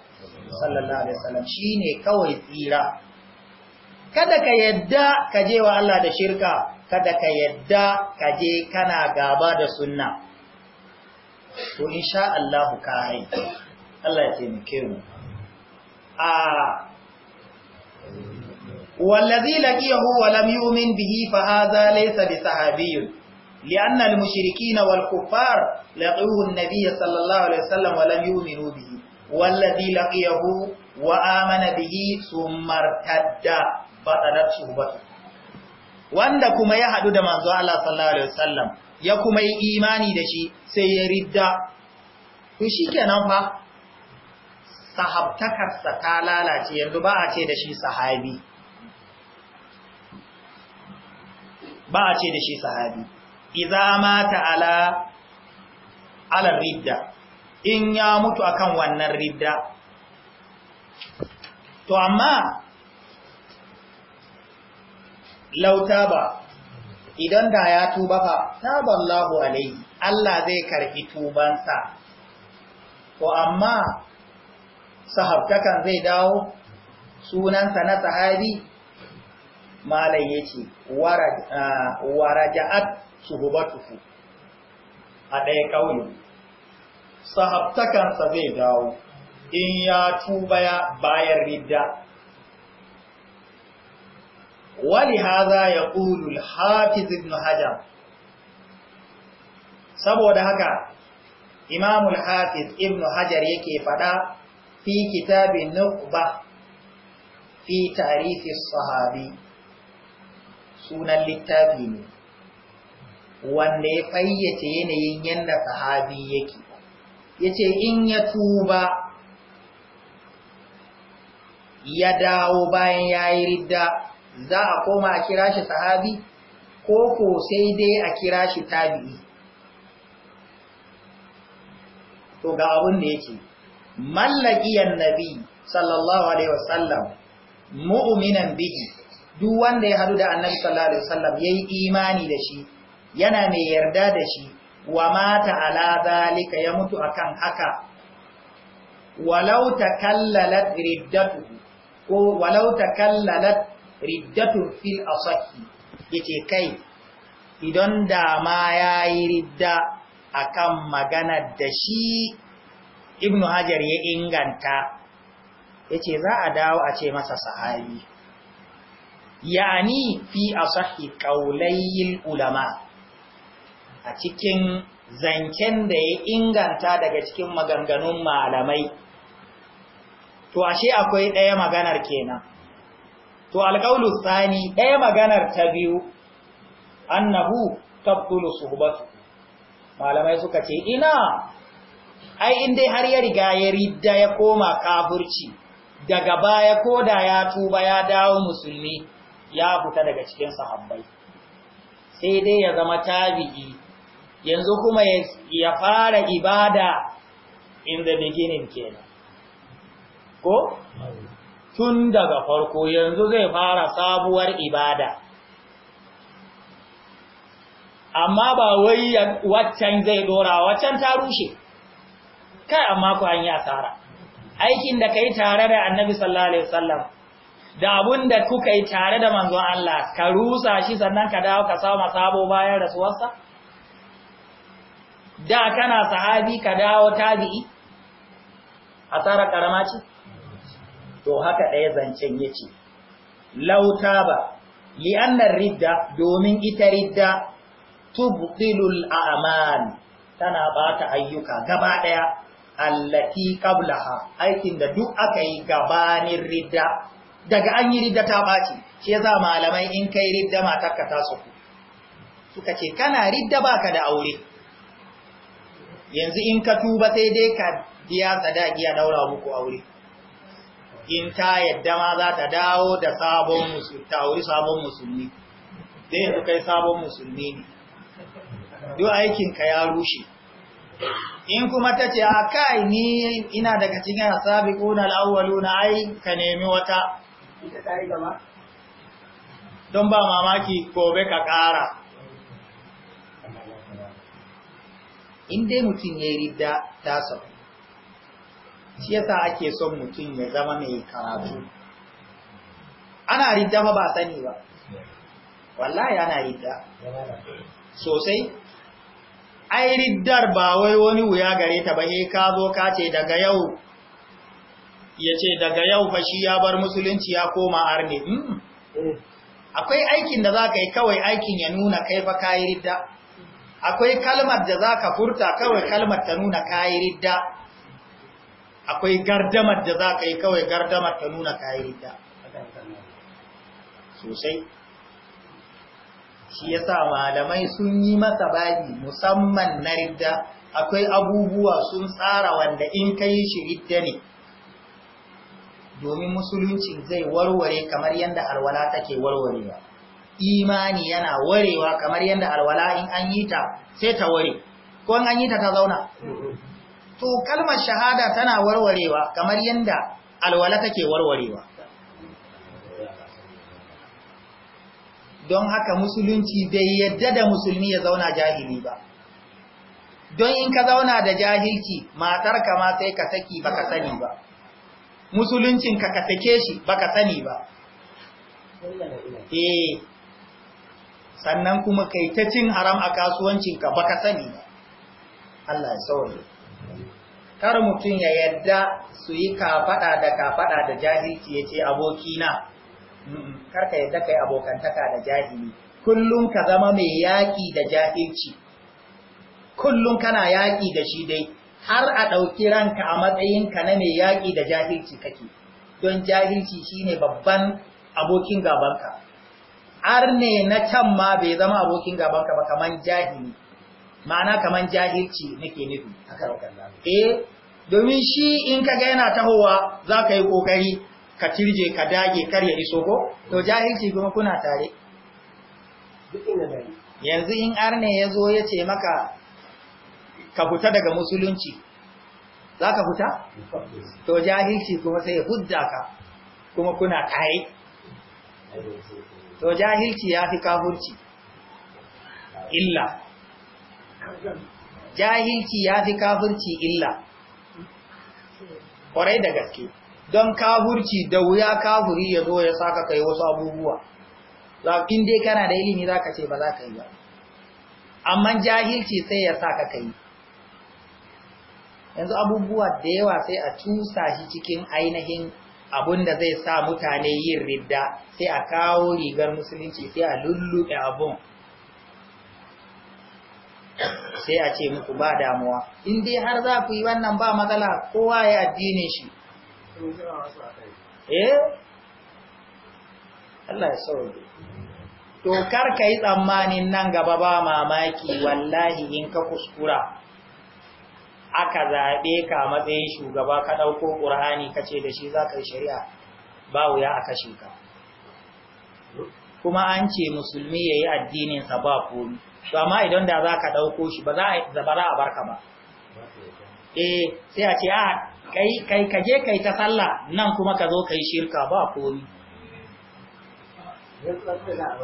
sallallahu alaihi wasallam shine kawai tsira kada ka yadda ka je wa Allah da shirka kada ka yadda ka je kana gaba da sunna to insha Allah ka hai Allah ya taimake mu a ah, wallazi laqiyahu wa lam yu'min bihi fa hadha laysa لأن المشركين والكفار لقوه النبي صلى الله عليه وسلم ولم يؤمنوا به والذي لقيه وآمن به ثم ارتد بطلت شهبته wanda kuma ya haɗu da manzo Allah sallallahu alaihi wasallam ya kuma yi imani da shi sai ya ridda to shikenan fa sahabtakarsa ta lalace yanzu ba a ce da shi sahabi ba a ce da shi sahabi idza mata ala ala ridda in ya mutu akan wannan ridda to amma lauta ba idan da ya tuba fa taballahu alaihi Allah zai karbi tubansa to amma sahabtakan zai dawo sunansa na sahabi malam yace waraja'at suhbatuhu a ɗaya ƙauye sahabtakansa zai dawo in ya tubaya bayan ridda wali haza ya ƙulul hafiz ibn hajar saboda haka imamul hafiz ibn hajar yake faɗa fi kitabin nukba fi tarihi sahabi sunan littafi ne wanda ya fayyace yanayin yadda sahabi yake ya ce in ya tuba ya dawo bayan ya yi ridda za a koma a kira shi sahabi ko ko sai dai a kira shi tabi'i to ga abin da yake mallakiyan nabi sallallahu alaihi wasallam mu'minan bihi duk wanda ya hadu da annabi sallallahu alaihi wasallam yayi imani da shi yana mai yarda da shi wa mata ala zalika ya mutu akan haka walau takallalat riddatu ko walau takallalat riddatu fil asahi yace kai idan da ma yayi ridda akan magana da shi ibnu hajar ya inganta yace za a dawo a ce masa sahabi yani fi asahi qaulayil ulama a cikin zanken da ya inganta daga cikin maganganun malamai to ashe akwai ɗaya maganar kenan to alqaulu tsani ɗaya maganar ta biyu annahu tabdulu suhbatu malamai suka ce ina ai in dai har ya riga ya ridda ya koma kafurci, daga baya ko da ya tuba ya dawo musulmi ya fita daga cikin sahabbai sai dai ya zama tabi'i yanzu kuma ya fara ibada in the beginning kenan ko tun daga farko yanzu zai fara sabuwar ibada amma ba wai waccan zai dora waccan ta rushe kai amma ku an yi asara aikin da kai tare da annabi sallallahu alaihi wasallam da abun da kuka yi tare da manzon Allah ka rusa shi sannan ka dawo ka samu sabo bayan rasuwarsa da kana sahabi ka dawo tabi'i asara karama ce to haka ɗaya zancen yace lauta ba li'annar ridda domin ita ridda tubtilul a'mal tana bata ayyuka gaba ɗaya allati qablaha aikin da duk aka yi gabanin ridda daga an yi ridda ta ɓaci shi yasa malamai in kai ridda matarka ta suku suka ce kana ridda baka da aure yanzu in ka tuba sai dai ka biya sadaki ya daura muku aure in ta yadda ma za ta dawo da sabon musulmi ta aure sabon musulmi dai yanzu kai sabon musulmi ne duk aikinka ya rushe in kuma ta ce a kai ni ina daga cikin asabi ƙunar awwalu na ai ka nemi wata ita ta yi don ba mamaki gobe ka ƙara in dai mutum ya yi ridda ta sau shi yasa ake son mutum ya zama mai karatu ana ridda ba ba sani ba wallahi ana ridda sosai ai riddar ba wai wani wuya gare ta ba he ka zo ka ce daga yau ya ce daga yau fa shi ya bar musulunci ya koma arne hmm. akwai aikin da za ka yi kawai aikin ya nuna kai fa kayi ridda akwai kalmar da za ka furta kawai kalmar ta nuna kayi ridda akwai gardamar da za ka yi kawai gardamar ta nuna kayi ridda sosai shi sa malamai sun yi masa babi musamman na ridda akwai abubuwa sun tsara wanda in ka yi shi ridda ne domin musulunci zai warware kamar yadda alwala take warwarewa imani yana warewa kamar yadda alwala in an yi ta sai ta ware ko in an yi ta ta zauna to kalmar shahada tana warwarewa kamar yadda alwala take warwarewa don haka musulunci bai yadda da musulmi ya zauna jahili ba don in ka zauna da jahilci ka ma sai ka saki baka sani ba musuluncin ka ka sake shi baka sani ba eh sannan kuma kai ta cin haram a kasuwancin ka baka sani ba Allah ya sauke kar mutum ya yadda su yi kafaɗa da kafaɗa da jahilci yace abokina kar ka yadda kai abokantaka da jahili kullun ka zama mai yaki da jahilci kullum kana yaki da shi dai har a ɗauki ranka a matsayinka na mai yaƙi da jahilci kake don jahilci shine babban abokin gabanka har ne na can ma bai zama abokin gabanka ba kaman jahili ma'ana kaman jahilci nake nufi eh domin shi in ka ga yana tahowa za ka yi ƙoƙari ka cirje ka dage kar ya iso ko to jahilci kuma kuna tare yanzu in arne ya zo ya ce maka ka fita daga musulunci za ka fita? to jahilci kuma sai ya hujja ka kuma kuna kai to jahilci ya fi kafurci illa jahilci ya fi kafurci illa ƙwarai da gaske don kafurci da wuya kafuri ya zo ya saka kai wasu abubuwa in dai kana da ilimi za ka ce ba za ka yi ba amma jahilci sai ya saka kai yanzu abubuwa da yawa sai a cusa shi cikin ainihin abun da zai sa mutane yin ridda sai a kawo rigar musulunci sai a lulluɓe abun sai a ce muku ba damuwa in dai har za ku yi wannan ba matsala kowa ya addinin shi eh Allah ya sauke to kar ka yi tsammanin nan gaba ba mamaki wallahi in ka kuskura aka zaɓe ka matsayin shugaba ka ɗauko ƙur'ani ka ce da shi za ka yi shari'a ba wuya a kashe ka kuma an ce musulmi ya yi addininsa ba komi to amma idan da za ka ɗauko shi ba za a barka ba eh sai a ce a ah, kai ka je kai ta sallah nan kuma ka zo kai shirka ba komi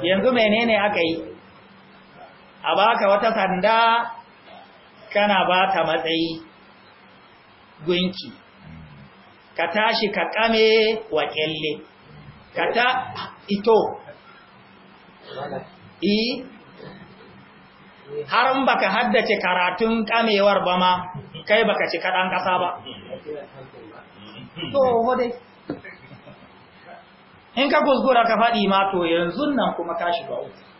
yanzu menene aka yi a baka wata sanda kana ba ta matsayi gunki ka tashi ka kame wa kyalle ka ta ito i harin baka haddace karatun kamewar ba ma kai baka ci kaɗan ƙasa ba to hode in ka guzgura ka faɗi ma to yanzu nan kuma ka shiga uku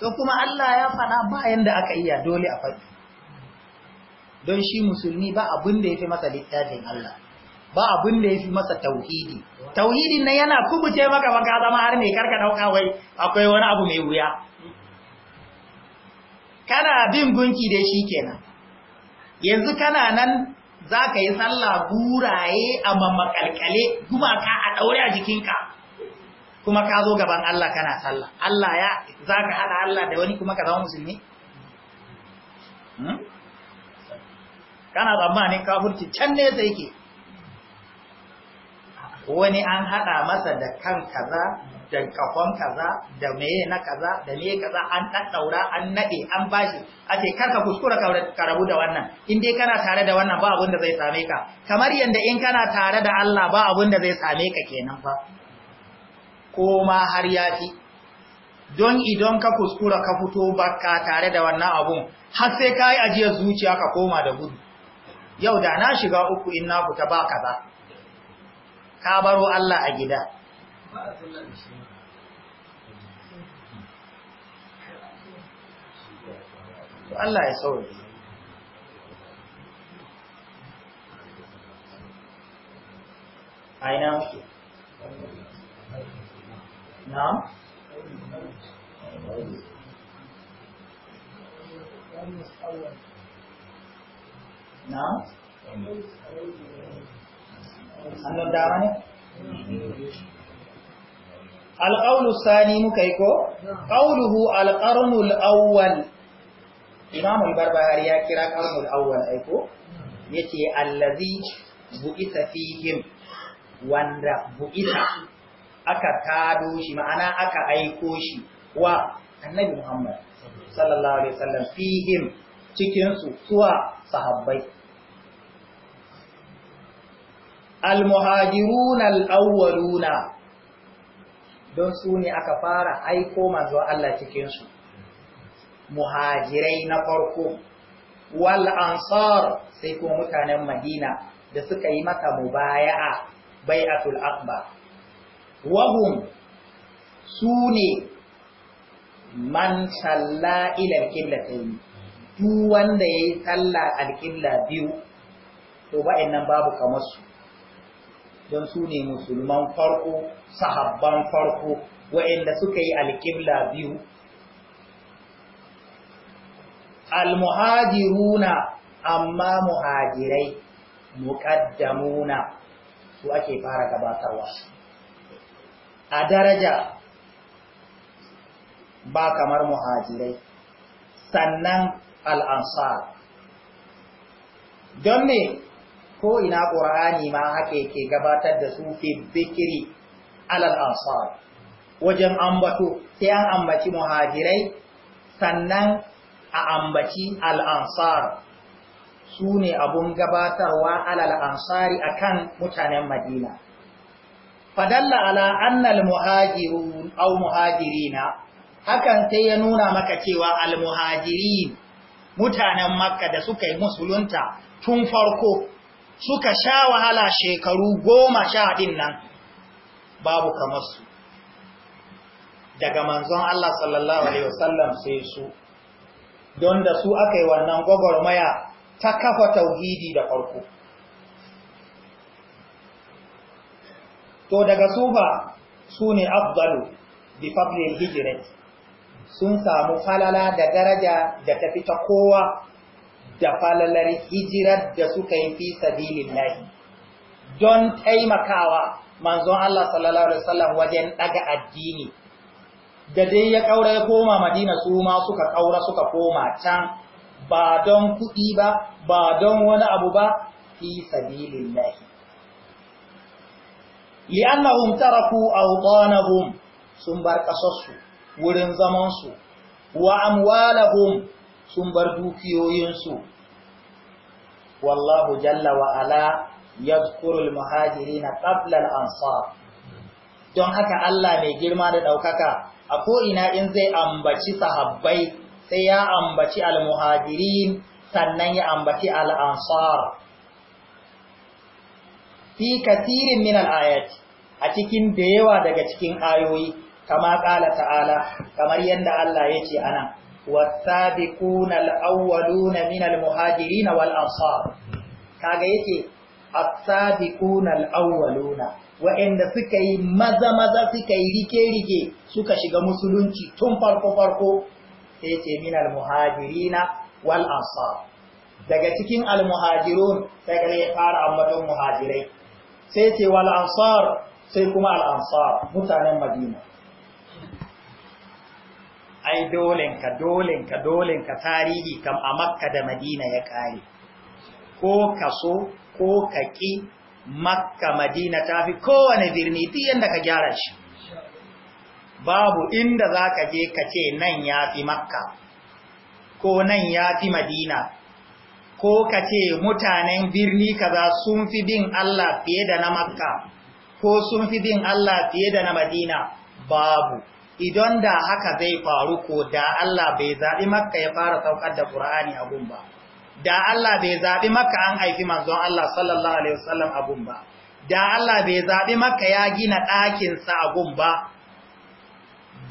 to kuma Allah ya faɗa bayan da aka iya dole a faɗi don shi musulmi ba abin da ya fi masa littafin Allah ba abin da ya fi masa tauhidi tauhidin na yana kubuce maka maka zama har ne karka ɗauka wai akwai wani abu mai wuya kana bin gunki da shi kenan yanzu kana nan za ka yi sallah guraye a mamakalkale gumaka a ɗaure a jikinka kuma ka zo gaban Allah kana sallah Allah ya za ka haɗa Allah da wani kuma ka zama musulmi? Hmm? kana tsammanin kafurci can ne sai ke wani an haɗa masa da kan kaza da kafon kaza da meye na kaza da meye kaza an ɗaɗɗaura an naɗe an bashi a ce karka kuskura ka da wannan in dai kana tare da wannan ba abin da zai same ka kamar yadda in kana tare da Allah ba abin da zai same ka kenan ba. ko ma har yafi don idan ka kuskura ka fito baka tare da wannan abun har sai ka yi ajiyar zuciya ka koma da gudu yau da na shiga uku in ta fita ba ka baro Allah a gida Allah ya aina نعم نعم أنه دعواني القول الثاني مكيكو قوله القرن الأول إمام البربهاري يكرا القرن الأول أيكو يتي الذي بئث فيهم وان بئث aka tado shi ma'ana aka aiko shi wa annabi Muhammad sallallahu alaihi wasallam fihim cikin su suwa sahabbai al na al-awwaluna don su ne aka fara aiko manzo Allah cikin su muhajirai na farko wal ansar sai kuma mutanen Madina da suka yi maka mubaya'a bai'atul akbar wahum su ne man salla ilar kibla tsayi duk wanda ya yi talla alkibla biyu to ba'in nan babu kamar su don su ne musulman farko sahabban farko wa'inda suka yi alkibla biyu almuhajiruna amma muhajirai muƙaddamuna su ake fara gabatarwa a daraja ba kamar muhajirai sannan al'ansar don ne ko ina ƙorani ma haka ke gabatar da su fi bikiri al'ansar wajen ambato sai an ambaci muhajirai sannan a ambaci al'ansar su ne abun gabatarwa al'ansari a kan mutanen madina fadalla ala annal muhajirun aw muhajirina hakan sai ya nuna maka cewa al muhajirin mutanen makka da suka yi musulunta tun farko suka sha wahala shekaru goma sha din nan babu kamar su daga manzon Allah sallallahu alaihi wasallam sai su don da su aka yi wannan gwagwarmaya ta kafa tauhidi da farko to daga sufa su ne afdalu bi fadlil hijrat sun samu falala da daraja da tafi ta kowa da falalar hijirar da suka yi fi sabilillahi don taimakawa manzon Allah sallallahu alaihi wasallam wajen daga addini da dai ya kaura ya koma Madina su ma suka kaura suka koma can ba don kuɗi ba ba don wani abu ba fi sabilillahi li'annahum taraku awtanahum sun bar kasassu wurin zamansu, su wa amwalahum sun bar dukiyoyinsu. wallahu jalla wa ala yadhkurul muhajirin qabla al-ansar don haka Allah mai girma da ɗaukaka, a ko ina in zai ambaci sahabbai sai ya ambaci al sannan ya ambaci al-ansar fi katirin minal ayat a cikin da yawa daga cikin ayoyi kama ƙala ta'ala kamar yadda Allah ya ce ana wasabiquna al-awwaluna minal muhajirin wal ansar kaga yake as-sabiquna al-awwaluna wa'inda suka yi maza maza suka yi rike rike suka shiga musulunci tun farko farko sai ce min al-muhajirina wal ansar daga cikin al-muhajirun sai ga ya fara ambaton muhajirai sai ce wa al'ansar, sai kuma al'ansar, mutanen madina ai dolenka dolenka dolenka tarihi kam a makka da madina ya kare ko ka so ko ka ƙi makka madina ta fi kowane birni biyan da ka gyara shi babu inda za ka je ka ce nan ya fi makka ko nan ya fi madina ko ka ce mutanen birni kaza sun fi bin Allah fiye da na makka ko sun fi bin Allah fiye da na madina babu idan da haka zai faru ko da Allah bai zaɓi makka ya fara saukar da ƙur'ani a gumba da Allah bai zaɓi makka an haifi manzon Allah sallallahu alaihi wasallam a gumba da Allah bai zaɓi makka ya gina ɗakinsa a gumba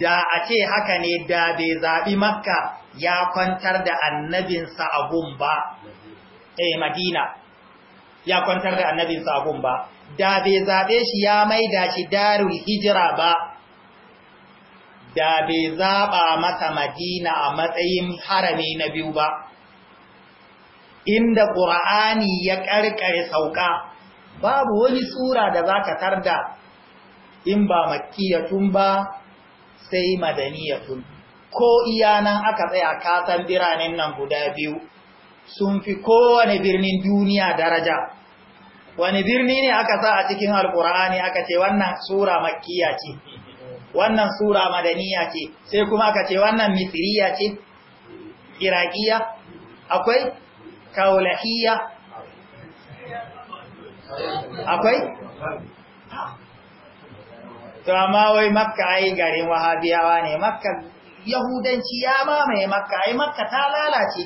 da a ce haka ne da bai zaɓi makka ya kwantar da annabinsa a gumba Eh, madina ya kwantar da annabin sabon ba da bai zaɓe shi ya maida shi darul hijira ba da bai zaɓa masa madina a matsayin harami na biyu ba inda ƙura'ani ya ƙarƙare sauka babu wani tsura da za ka tarda in ba makiyatun ba sai madaniyatun ko iyanan aka tsaya kasan biranen nan guda biyu sun fi kowane birnin duniya daraja wani birni ne aka sa a cikin alkur'ani aka ce wannan sura makkiya ce wannan sura madaniya ce sai kuma aka ce wannan misriya ce iraqiya akwai kaulahiya akwai to amma wai makka ai garin wahabiyawa ne makka yahudanci ya mamaye makka ai makka ta lalace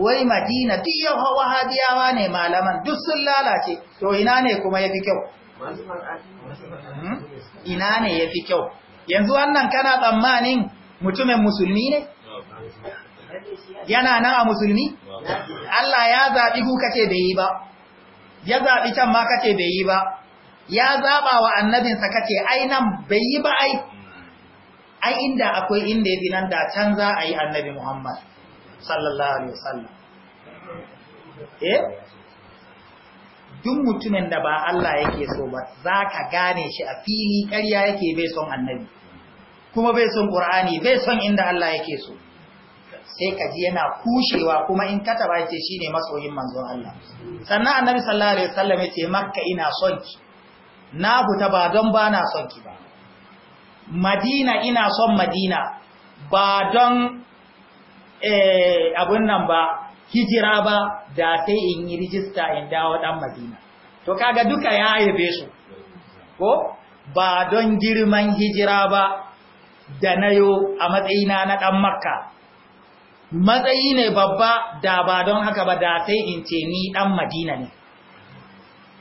wai madina duk yau wahadiyawa ne malaman duk sun lalace to ina ne kuma ya fi kyau hmm? ina ne ya fi kyau yanzu wannan kana tsammanin mutumin musulmi ne yana nan a musulmi Allah ya zaɓi ku kace bai yi ba ya zaɓi can ma kace bai yi ba ya zaɓa wa annabinsa kace ai nan bai yi ba ai ai inda akwai inda ya nan da can za a yi annabi Muhammad sallallahu alaihi wasallam eh duk mutumin da ba Allah yake so ba zaka gane shi a fili ƙarya yake bai son annabi kuma bai son Al-Qur'ani bai son inda Allah yake so sai ka ji yana kushewa kuma in ka taba ce shine masoyin manzon Allah sannan annabi sallallahu alaihi wasallam yace makka ina son ki na huta ba don ba na son ki ba madina ina son madina ba don Eh, abun nan ba hijira ba da sai in yi rijista in dawo dan madina to kaga duka ya yabe su ko ba don girman hijira ba da nayo a matsayina na dan makka matsayi ne babba da ba don haka ba da sai in ce ni dan madina ne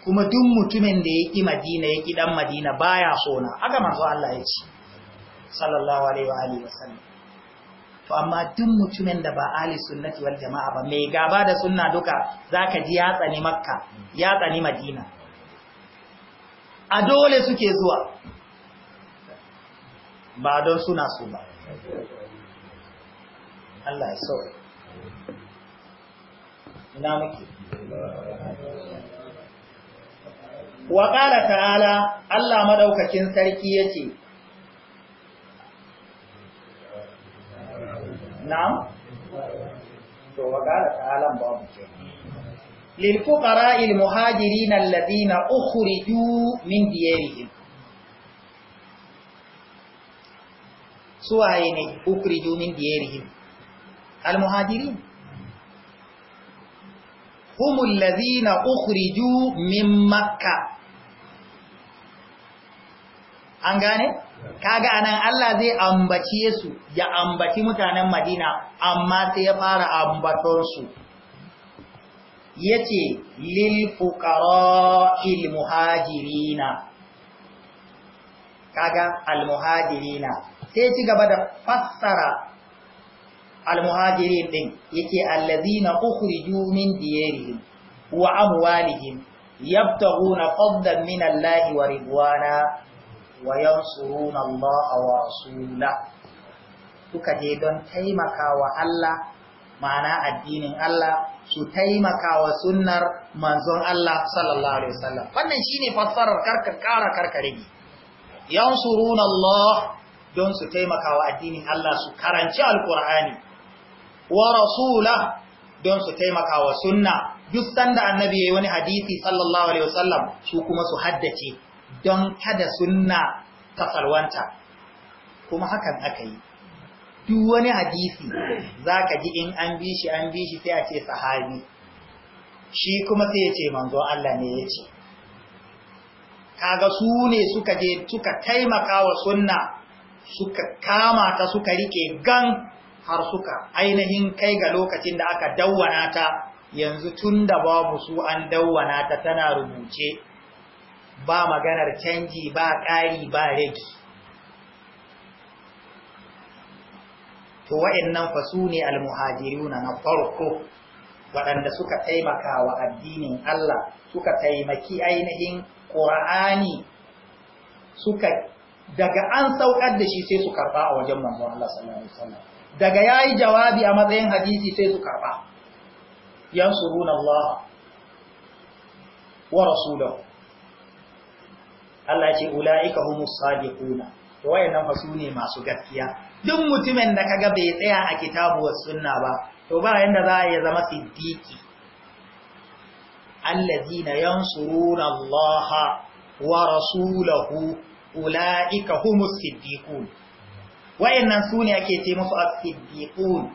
kuma duk mutumin da ya ki madina ya ki dan madina baya sona haka manzo Allah ya ce sallallahu alaihi wa alihi wasallam to amma duk mutumin da ba ahli sunnati wal jama'a ba mai gaba da sunna duka zaka ji ya tsani makka ya tsani madina a dole suke zuwa ba don suna su ba Allah ya sauke ina muke wa qala ta'ala Allah madaukakin sarki yace نعم وقال تعالى باب للفقراء المهاجرين الذين أخرجوا من ديارهم سوائن يعني أخرجوا من ديارهم المهاجرين هم الذين أخرجوا من مكة أنغاني kaga anan Allah zai ambaci su ya ambaci mutanen Madina amma sai ya fara ambaton su yace lil fuqara'il muhajirina kaga al muhajirina sai ci gaba da fassara al muhajirin din yace allazina ukhriju min diyarihim wa amwalihim yabtaguna fadlan min Allah wa ridwana wa yansuruna Allah wa rasulah suka je don taimakawa Allah ma'ana addinin Allah su taimakawa sunnar manzon Allah sallallahu alaihi wasallam wannan shine fassarar karkar kara karkare yansuruna Allah don su taimakawa addinin Allah su karanci alqur'ani wa rasulah don su wa sunna duk sanda annabi yayi wani hadisi sallallahu alaihi wasallam su kuma su haddace don kada sunna ta salwanta kuma hakan aka yi duk wani hadisi za ka ji in an bi shi an bi shi sai a ce sahabi shi kuma sai ya ce manzo Allah ne ya ce kaga su ne suka je suka taimaka wa sunna suka kama ta suka rike gan har suka ainihin kai ga lokacin da aka dawwana ta yanzu tun da babu su an dawwana ta tana rubuce ba maganar canji ba ƙari ba rage to wa'annan fa su ne almuhajiruna na farko waɗanda suka taimaka wa addinin Allah suka taimaki ainihin ƙura'ani suka daga an saukar da shi sai su karɓa a wajen manzo Allah sallallahu alaihi wasallam daga yayi jawabi a matsayin hadisi sai su karɓa yansuruna Allah wa rasulahu Allah ce ula'ika humus sadiquna to wayannan fa sune masu gaskiya duk mutumin da kaga bai tsaya a kitabu was sunna ba to ba yanda za ya zama siddiqi allazina yansuruna Allah wa rasulahu ula'ika humus siddiqun wayannan sune ake ce musu as-siddiqun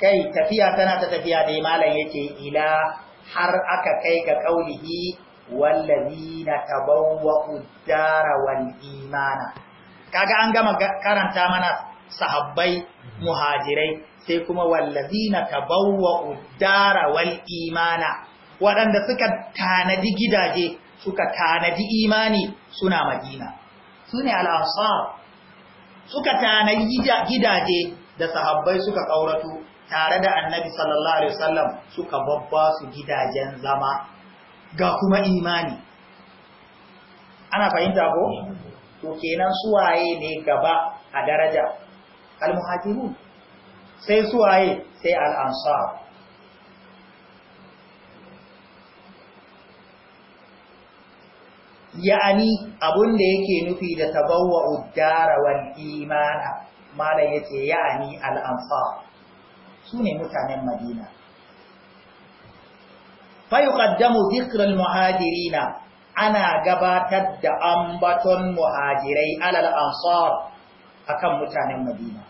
kai tafiya tana ta tafiya da malam yake ila har aka kai ga kaulihi wallazina tabawwa'u dara wal imana kaga an gama karanta mana sahabbai muhajirai sai kuma wallazina tabawwa'u dara wal imana waɗanda suka tanadi gidaje suka tanadi imani suna madina sune al-ansar suka tanadi gidaje da sahabbai suka kaurato tare da annabi sallallahu alaihi wasallam suka babba su gidajen zama ga kuma imani ana fahimta ko to kenan suwaye ne gaba a daraja almuhajirun sai suwaye sai al'ansar ya'ani abun da yake nufi da tabawwa uddara wal imana malai yace ya'ani al-ansar sune mutanen Madina fayuqaddamu dhikrul muhajirina ana gabatar da ambaton muhajirai alal ansar kan mutanen Madina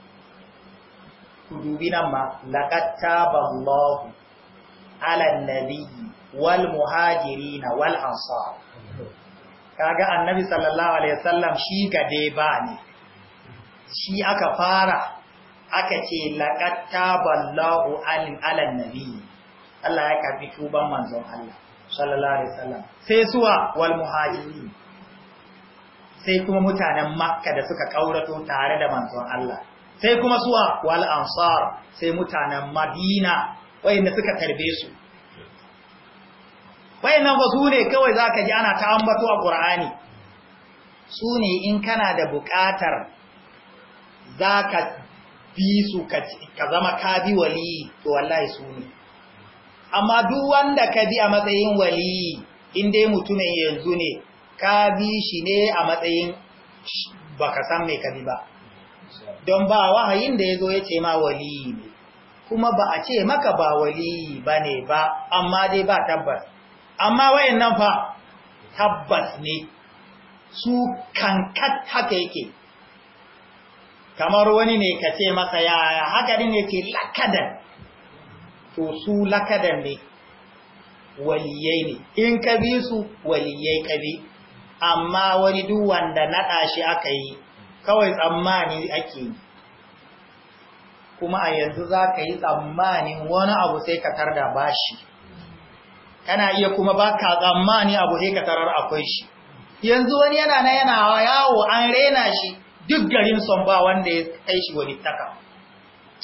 ku dubi nan ma laqad taballahu alal nabiyyi wal muhajirina wal ansar kaga annabi sallallahu alaihi wasallam shi gade ba ne shi aka fara aka ce laqad taballahu alal nabiyyi Allah ya karbi tuban manzon Allah sallallahu alaihi wasallam sai suwa wal muhajiri sai kuma mutanen makka da suka kaurato tare da manzon Allah sai kuma suwa wal ansar sai mutanen madina wayanda suka tarbe su wayannan ba su ne kawai zaka ji ana ta ambato a qur'ani su ne in kana da buƙatar zaka bi su ka zama ka bi wali to wallahi su ne amma duk wanda ka bi a matsayin wali in dai mutumin yanzu ne ka bi shi ne a matsayin baka san mai ka bi ba don ba wahayin da ya zo ya ce ma wali ne kuma ba a ce maka ba wali ba ne ba amma dai ba tabbas amma wayan fa tabbas ne su kankat haka yake kamar wani ne ka ce masa yaya haka ne ke lakadan to su lakadan ne waliyai ne in ka bi su waliyai ka bi amma wani duk wanda naɗa shi aka yi kawai tsammani ake yi kuma a yanzu za ka yi tsammanin wani abu sai ka tarda bashi kana iya kuma ba ka tsammani abu sai ka tarar akwai shi yanzu wani yana na yana yawo an rena shi duk garin son ba wanda ya kai shi wani taka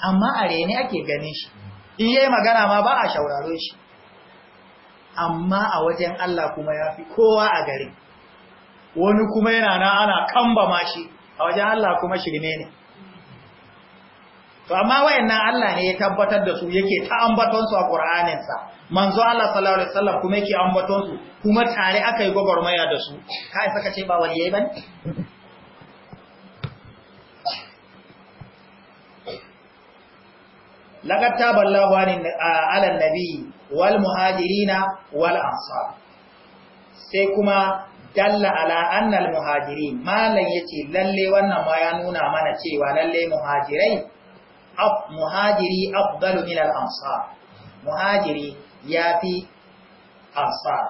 amma a rene ake ganin shi in yayi magana ma ba a shauraron shi amma a wajen Allah kuma yafi kowa a gari wani kuma yana na ana kamba ma shi a wajen Allah kuma shirme ne to amma wayannan Allah ne ya tabbatar da su yake ta ambaton a Qur'anin sa manzo Allah sallallahu alaihi wasallam kuma yake ambaton kuma tare aka yi gwagwarmaya da su kai saka ce ba waliyai bane laqad taballahu ala nabi wal muhajirina wal ansar sai kuma dalla ala annal muhajirin malan yace lalle wannan ma ya nuna mana cewa lallai muhajirai af muhajiri afdalu min al ansar muhajiri yafi ansar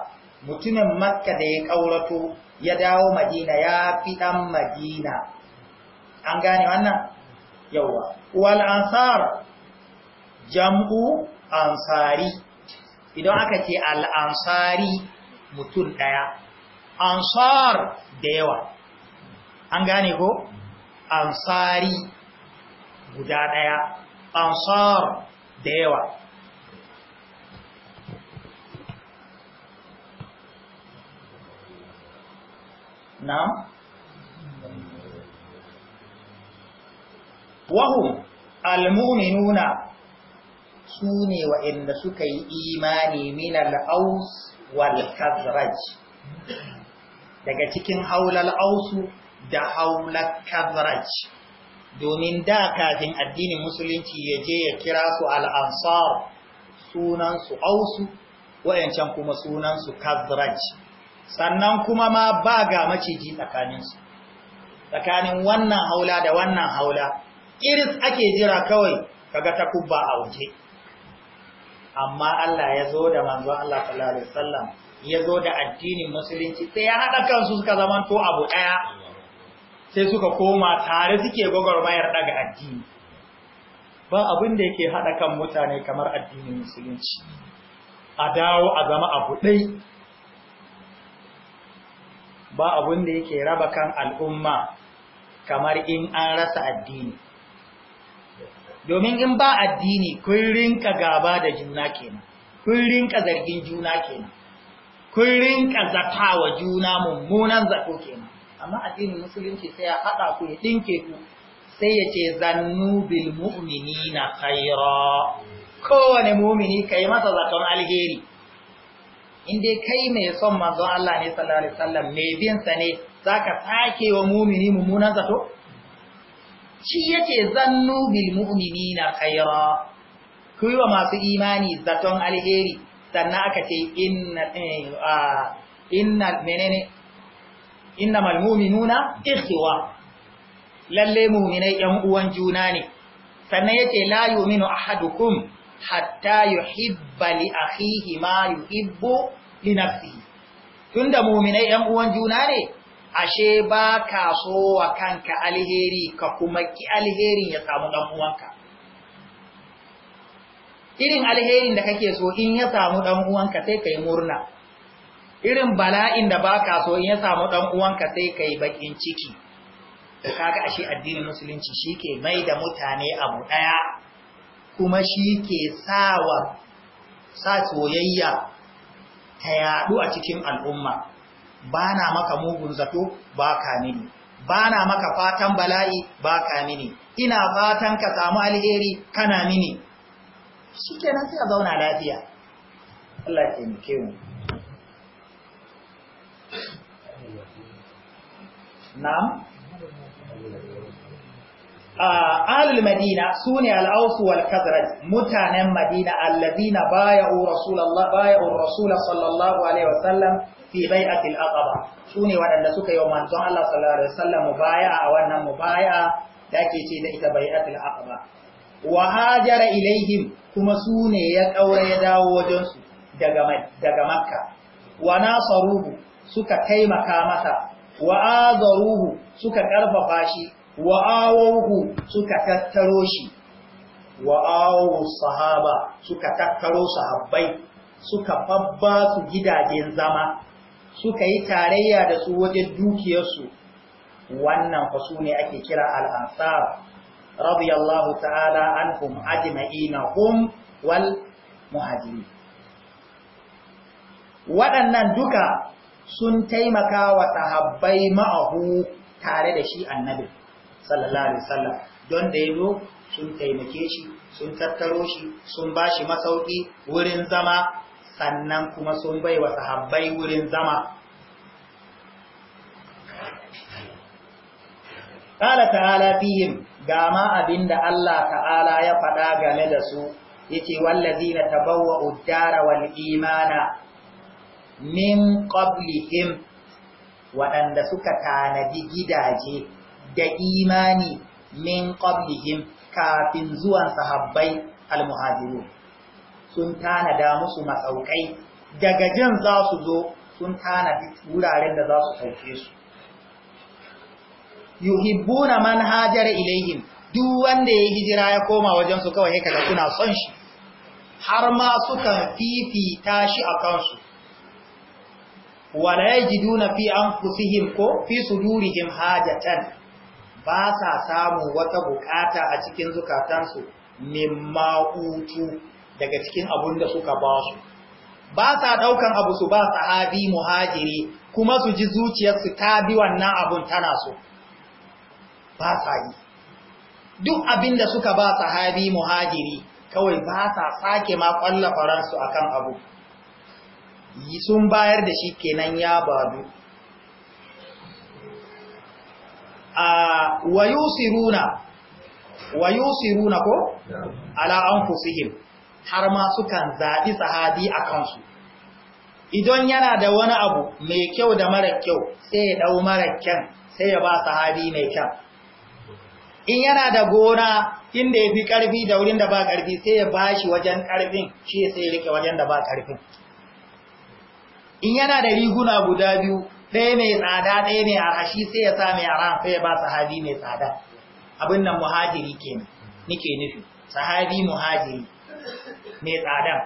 mutumin makka da ya kaurato ya dawo madina ya fi ɗan madina an gane wannan yawa wal ansar jam'u ansari idan aka ce al'ansari mutum ɗaya ansar da an gane ko ansari guda ɗaya ansar da yawa na wahum al-mu'minuna su ne inda suka yi imani minal aus wal daga cikin haular ausu da haular kazraj domin da kafin addinin musulunci ya je ya kira su al'ansar sunansu ausu wayancan kuma sunansu kazraj sannan kuma ma ba ga maciji tsakaninsu tsakanin wannan haula da wannan haula iris ake jira kawai kaga ta kubba a waje amma Allah ya zo da manzo, Allah sallallahu alaihi ya zo da addinin musulunci sai ya haɗa kansu suka zama to abu ɗaya sai suka koma tare suke gwagwarmayar daga addini ba abin da yake haɗa kan mutane kamar addinin musulunci a dawo a zama abu ɗai ba abin da yake raba kan al'umma kamar in an rasa addini domin in ba addini kun rinka gaba da juna kenan kun rinka zargin juna kenan kun rinka zatawa juna mummunan zato kenan amma addinin musulunci sai ya hada ku ya dinke ku sai ya ce zannu bil mu'minina khayra kowane mu'mini kai masa zaton alheri in dai kai mai son manzon Allah ne sallallahu alaihi wasallam mai bin sa ne zaka sake wa mu'mini mummunan zato shi yake zannu bil mu'minina khaira ku yi masu imani zaton alheri sannan aka ce inna eh, inna menene inna mal mu'minuna ikhwa lalle mu'minai yan uwan juna ne sannan yace la yu'minu ahadukum hatta yuhibba li akhihi ma yuhibbu li nafsihi tunda mu'minai yan uwan juna ne ashe ba ka so wa kanka alheri ka kuma ki alherin ya samu dan uwanka irin alherin da kake so in ya samu dan uwanka sai kai murna irin bala'in da ba ka so in ya samu dan uwanka sai kai bakin ciki kaga ashe addinin musulunci shike mai da mutane abu ɗaya kuma shike sawa sa soyayya ta yaɗu a cikin al'umma ba na maka mugun zato ba ka mini ba na maka fatan bala'i ba ka mini ina fatan ka samu alheri kana mini shi kenan sai zauna lafiya Allah ya taimake mu na'am ahlul madina su ne aus wal khazraj mutanen madina alladina baya'u rasulullah sallallahu alaihi wasallam fi bai'atil aqaba sune waɗanda suka yi wa manzon Allah sallallahu alaihi wasallam baya a wannan mubaya da ake ce da ita bai'atil aqaba wa hajara ilaihim kuma sune ya kaura ya dawo wajen su daga daga makka wa nasaruhu suka taimaka masa wa azaruhu suka karfafa shi wa awuhu suka tattaro shi wa awu sahaba suka tattaro sahabbai suka babba su gidajen zama suka yi tarayya da su wajen dukiyarsu wannan fa ne ake kira al'asar radiyallahu ta'ala anhum ajma'ina hum wal muhajiri. waɗannan duka sun taimaka wa sahabbai ma'ahu tare da shi annabi sallallahu alaihi wasallam don da yazo sun taimake shi sun tattaro shi sun bashi masauki wurin zama sannan kuma sun bai wa sahabbai wurin zama Ƙala ta'ala fihim ga ma abin da Allah ta'ala ya faɗa game da su yake wallazi na tabawa uddara wal imana min qablihim waɗanda suka tanadi gidaje da imani min qablihim kafin zuwan sahabbai al-muhajirun sun tana tanada musu masaukai daga jin za su zo sun tanadi wuraren da za su sauke su yuhibbuna man hajara ilayhim duk wanda ya hijira ya koma wajen su kawai kaga kuna son shi har ma suka fifita shi a kansu wala yajiduna fi anfusihim ko fi sudurihim hajatan ba sa samu wata bukata a cikin zukatansu mimma utu daga cikin abun da suka ba su ba sa daukan abu su ba sahabi muhajiri kuma su ji zuciyarsu ta bi wannan abun tana so ba sa yi duk abin da suka ba sahabi muhajiri kawai ba sa sake ma kwalla faransu akan abu sun bayar da shi kenan ya badu a wayusiruna wayusiruna ko ala anfusihim har ma sukan zaɓi sahabi a kansu idan yana da wani abu mai kyau da mara kyau sai ya ɗau mara kyan sai ya ba sahabi mai kyan in yana da gona inda ya fi ƙarfi da wurin da ba ƙarfi sai ya ba shi wajen ƙarfin shi sai ya rike wajen da ba ƙarfin in yana da riguna guda biyu ɗaya mai tsada ɗaya mai arashi sai ya sa mai aran sai ya ba sahabi mai tsada abin nan muhajiri kenan nike nufi sahabi muhajiri mai tsadan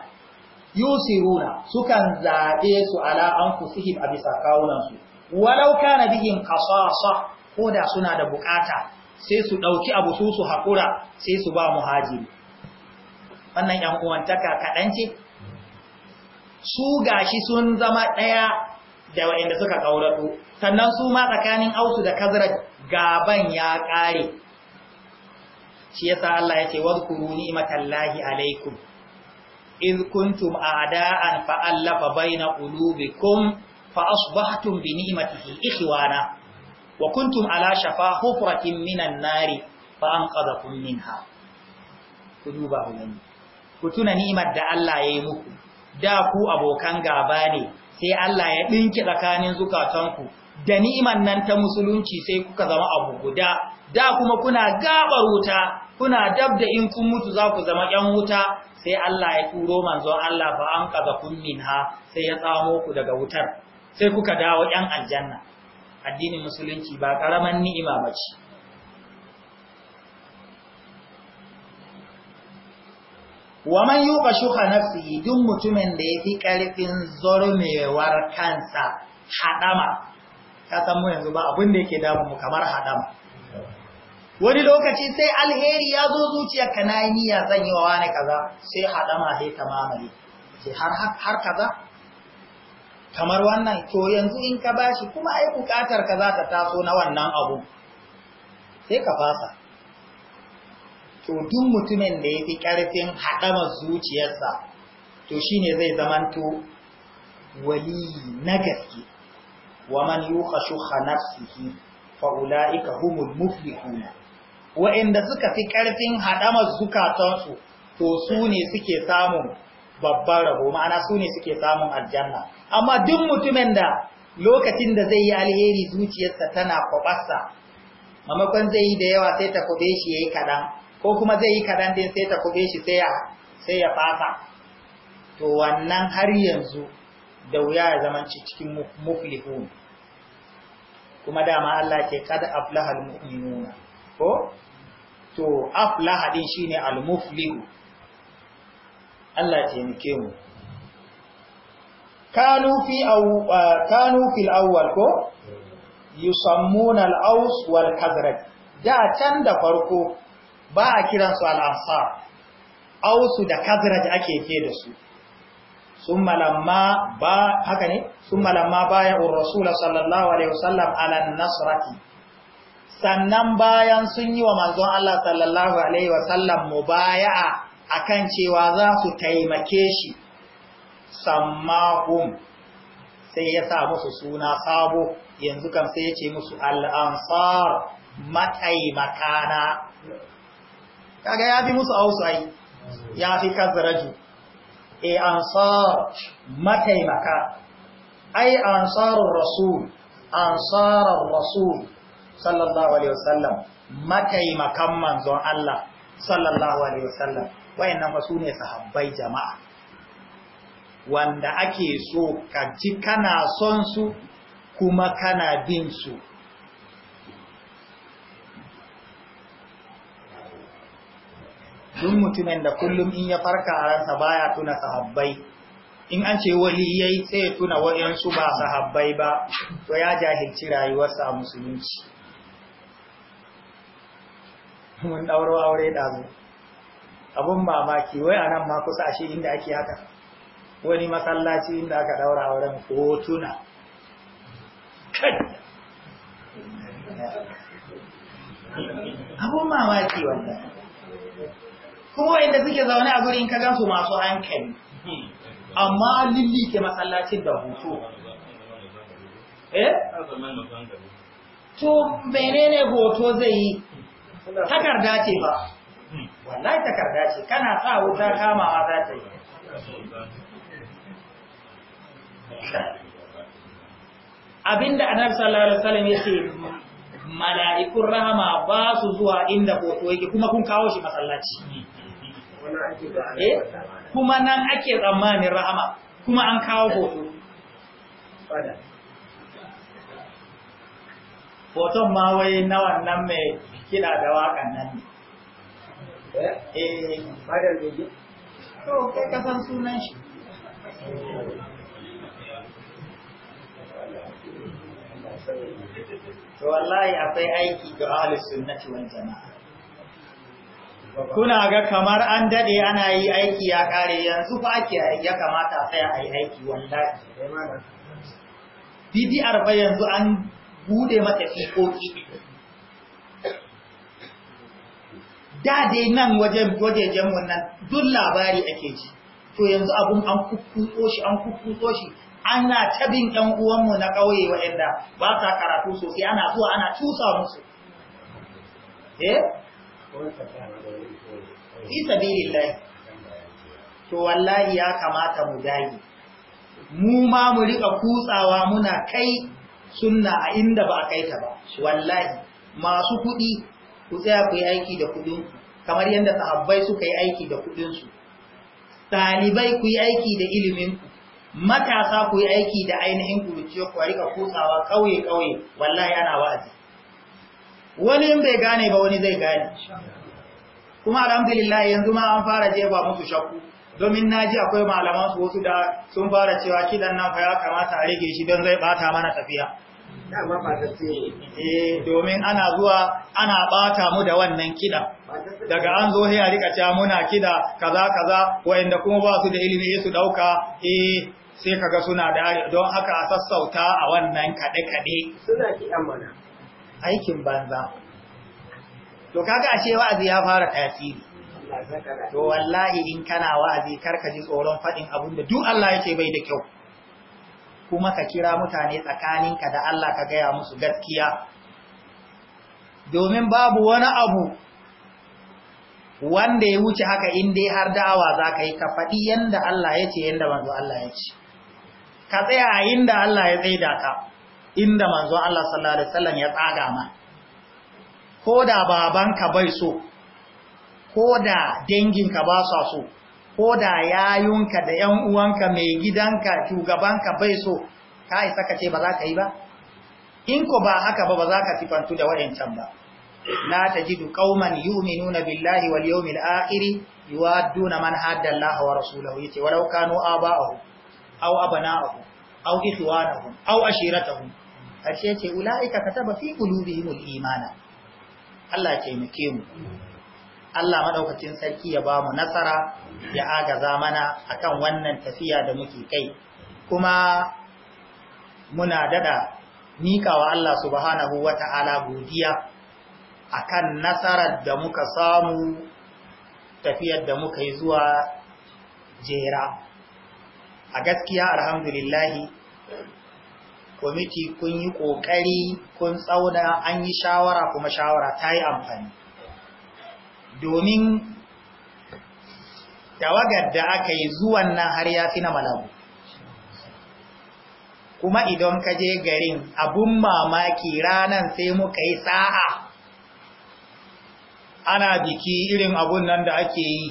yusiruna sukan zaɓe su ala an a bisa kawunansu walau kana bihin kasasa ko da suna da bukata sai su ɗauki abu su su haƙura sai su ba muhajiri wannan ‘yan uwantaka kaɗan ce su gashi sun zama ɗaya da waɗanda suka kaurato sannan su ma tsakanin ausu da kazrat gaban ya ƙare shi yasa Allah ya ce wadkuru imatallahi alaikum iz kuntum a'da'an fa'allafa baina qulubikum fa asbahtum bi ni'matihi ikhwana wa kuntum ala shafa hufratin minan nari fa anqadhakum minha ku duba wannan ku tuna ni'imar da Allah ya yi muku da ku abokan gaba ne sai Allah ya dinki tsakanin zukatanku da ni'imar nan ta musulunci sai kuka zama abu guda da kuma kuna gaɓar wuta kuna dab da in kun mutu za ku zama ƴan wuta sai Allah ya turo manzon Allah fa an kaza kun minha sai ya tsamo ku daga wutar sai kuka dawo ƴan aljanna addinin musulunci ba karaman ni'ima bace wa man yuqa shuha nafsihi duk mutumin da yafi karfin zormewar kansa hadama ka san mu yanzu ba abin da yake damu mu kamar hadama wani lokaci sai alheri ya zo zuciyarka na yi niyya zan yi wa wani kaza sai haɗama sai ta mamaye har kaza kamar wannan to yanzu in ka bashi kuma ai buƙatar ka za ta taso na wannan abu sai ka fasa to duk mutumin da ya fi ƙarfin haɗama zuciyarsa to shine zai zamanto wali na gaske wa man yuqa shuha nafsihi fa ulaika humul muflihuna wa'inda suka fi ƙarfin haɗama zukatansu to su ne suke samun babban rabo ma'ana su ne suke samun aljanna amma duk mutumin da lokacin da zai yi alheri zuciyarsa tana kwabarsa mamakon zai yi da yawa sai ta kube shi ya yi kaɗan ko kuma zai yi kaɗan din sai ta kube shi sai ya fasa to wannan har yanzu da wuya ya zama cikin muflihun kuma dama Allah ke kada aflahal mu'minuna ko to aflaha din shine al Allah ya taimake mu kanu fi aw ah, kanu fil awwal ko yusammuna al-aws wal khazraj da can da farko ba a kiran su al ausu da khazraj ake ke da su summa lamma ba haka ne summa lamma ya ur rasul sallallahu alaihi wasallam ala nasrati sannan bayan sun yi wa manzon Allah sallallahu Alaihi wasallam mubaya'a a kan cewa za su taimake shi, sammahum sai ya sa musu suna sabo yanzu kan sai ya ce musu al'ansar mataimakana. Kaga ya fi musu ausai, ya fi kazaraju, e ansar mataimaka, ai ansarun rasul, ansarar rasul. sallallahu alaihi wasallam mataimakan manzon Allah sallallahu alaihi wasallam wayannan fa sune sahabbai jama'a wanda ake so ka ji kana son su kuma kana bin su duk mutumin da kullum in ya farka a ransa baya tuna sahabbai in an ce wali ya yi tsaye tuna waɗansu ba sahabbai ba to ya jahilci rayuwarsa a musulunci mun ɗauro aure ɗazu abun mamaki wai a nan ma kusa a shi inda ake haka wani masallaci inda aka ɗaura auren hotuna kai abun mamaki wanda kuma inda suke zaune a gurin ka gansu masu hankali amma an lillike masallacin da hoto eh to menene hoto zai yi takarda ce ba wallahi takarda ce kana sa wuta kamawa za ta yi abinda annabi sallallahu alaihi wasallam yace mala'ikun rahama ba su zuwa inda hoto yake kuma kun kawo shi masallaci eh kuma nan ake tsammanin rahama kuma an kawo hoto hoton ma wai na wannan mai kiɗa da waƙan nan ne eh fadar eh. gobe to kai ka san sunan shi to wallahi akwai aiki ga ahli sunnati wal jama'a kuna ga kamar an dade ana yi aiki ya kare yanzu fa ake ya kamata a tsaya ayi aiki wallahi eh, bid'ar arba yanzu an bude mata fiƙoƙi da dai nan wajen wajejen wannan duk labari ake ji to yanzu abun an kukkutso shi an kukkutso shi ana tabin ɗan uwanmu na ƙauye waɗanda ba sa karatu sosai ana zuwa ana cusa musu eh fi sabilillahi to wallahi ya kamata mu dage mu ma mu riƙa kutsawa muna kai sunna a inda ba a kai ta ba wallahi masu kuɗi ku tsaya ku yi aiki da kuɗin kamar yadda sahabbai suka yi aiki da kuɗin su ɗalibai ku yi aiki da ilimin ku matasa ku yi aiki da ainihin kuruciya ku rika kusawa ƙauye kauye wallahi ana wa'azi wani in bai gane ba wani zai gane kuma alhamdulillah yanzu ma an fara jefa musu shakku domin naji akwai malaman su wasu da sun fara cewa kidan nan fa ya kamata a rage shi don zai bata mana tafiya eh domin ana zuwa ana bata mu da wannan kida daga an zo sai a rika cewa muna kida kaza kaza wayanda kuma ba su da ilimi su dauka eh sai kaga suna da don haka a sassauta a wannan kade kade suna kidan mana aikin banza to kaga a cewa ya fara tasiri to wallahi in kana wa'azi karka ji tsoron fadin da duk Allah yake bai da kyau kuma ka kira mutane tsakaninka da Allah ka gaya musu gaskiya domin babu wani abu wanda ya wuce haka in dai har da'awa za ka yi ka faɗi yadda Allah ya ce yadda manzo Allah ya ce ka tsaya a inda Allah ya tsaida ka inda manzo Allah sallallahu alaihi wasallam ya tsaga ma ko da babanka bai so ko da danginka ba su so ko da yayunka da ‘yan uwanka mai gidanka shugabanka bai so ka isa ka ce ba za ka yi ba in ko ba haka ba ba za ka sifantu da waɗancan ba la tajidu qauman yu'minuna billahi wal yawmil akhir yuwadduna man hadda Allah wa rasulahu yace ahu? kanu aba'ahum aw abana'ahum aw ikhwanahum aw ashiratahum ashe ce ulaika kataba fi qulubihimul imana Allah ya taimake mu Allah madaukakin sarki ya bamu nasara ya agaza mana akan wannan tafiya da muke kai kuma muna dada wa Allah subhanahu wata'ala godiya akan nasarar da muka samu tafiyar da muka yi zuwa jera a gaskiya alhamdulillahi kwamiti kun yi ƙoƙari kun tsauna an yi shawara kuma shawara ta yi amfani domin tawagar da aka yi zuwan nan har ya fi na malabu kuma idan ka je garin abun mamaki ranan sai muka yi sa'a ana biki irin abun nan da ake yi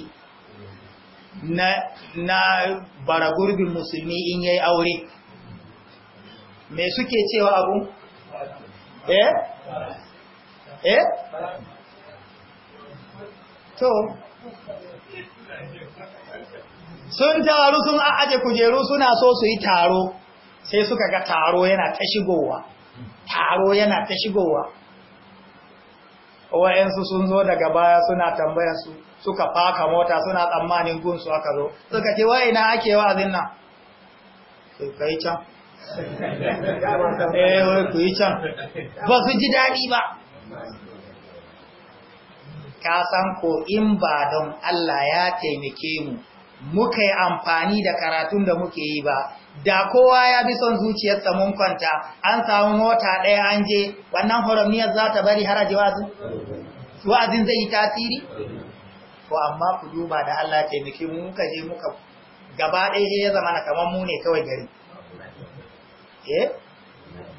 na, na baragurbin musulmi in yayi aure me suke cewa abu? eh? eh? to sun taru sun a'aje kujeru suna so su yi taro sai suka ga taro yana ta shigowa taro yana ta shigowa wa'yansu sun zo daga baya suna tambayar su suka faka mota suna tsammanin gunsu aka zo suka ce ina ake wa nan sai kai can eh ku yi can ba su ji daɗi ba ka san ko in ba don Allah ya taimake mu muka yi amfani da karatun da muke yi ba da kowa ya bi son zuciyarsa mun kwanta an samu mota ɗaya an je wannan horoniyar za ta bari haraji wazin wa'azin zai yi tasiri ko amma ku duba da Allah ya taimake mu muka je muka gaba ɗaya ya zama na kamar mu ne kawai gari eh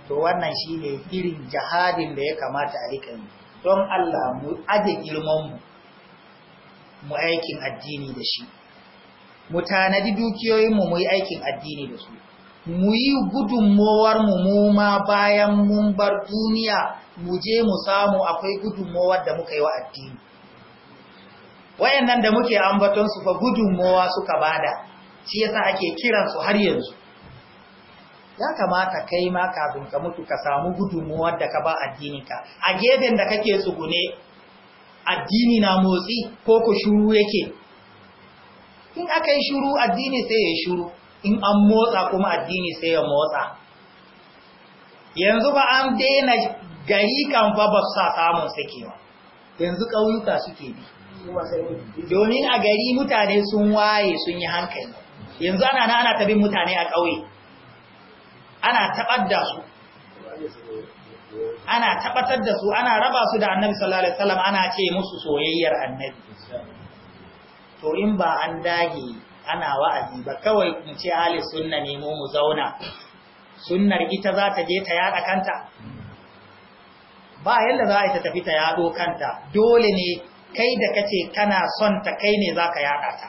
to wannan shine irin jihadin da ya kamata a rika yi don Allah mu aje girmanmu mu aikin addini da shi mu tanadi dukiyoyinmu mu yi aikin addini da su mu yi gudunmowar mu ma bayan mun bar duniya mu je mu samu akwai gudunmowar da muka yi wa addini wayannan da muke ambaton su fa gudunmowa suka bada shi yasa ake kiransu har yanzu ya kamata kai ma kafin ka mutu ka samu gudunmuwar da ka ba addininka a gefen da kake tsugune addini na motsi ko ku shuru yake in aka yi shuru addini sai ya shuru in an motsa kuma addini sai ya motsa yanzu ba an daina gari kan fa ba sa samun sakewa yanzu ƙauyuka suke bi domin a gari mutane sun waye sun yi hankali yanzu ana na ana tabin mutane a ƙauye ana taɓadda su ana tabbatar da su ana raba su da annabi sallallahu alaihi wasallam ana ce musu soyayyar annabi to in ba an dage ana wa'azi ba kawai mu ce ahli sunna ne mu mu zauna sunnar ita za ta je ta yada kanta ba yanda za a ta tafi ta yado kanta dole ne kai da kace kana son ta kai ne zaka yada ta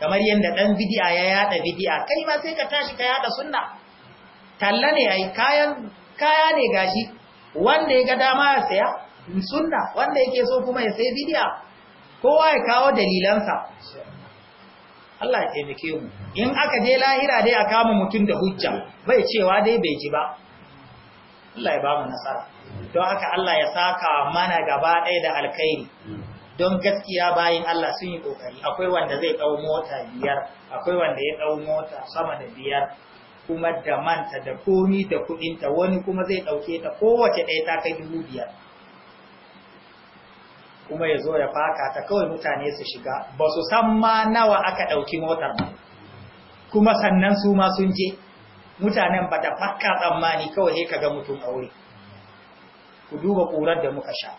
kamar yanda dan bid'a ya yada bid'a kai ma sai ka tashi ka yada sunna talla ne yi kayan kaya ne gashi wanda ya ga dama ya saya sunna wanda yake so kuma ya sai bidiya kowa ya kawo dalilansa Allah ya taimake mu in aka je lahira dai a kama mutum da hujja bai cewa dai bai ji ba Allah ya ba mu nasara don haka Allah ya saka mana gaba ɗaya da alkhairi don gaskiya bayin Allah sun yi kokari akwai wanda zai dau mota biyar akwai wanda ya dau mota sama da biyar kuma da manta da komi da kudinta wani kuma zai dauke ta kowace ɗaya ta kai dubu biyar kuma ya zo ya faka ta kawai mutane su shiga ba su san ma nawa aka ɗauki motar ba kuma sannan su ma sun je mutanen ba da fakka tsammani kawai sai kaga mutum a wuri ku duba ƙurar da muka sha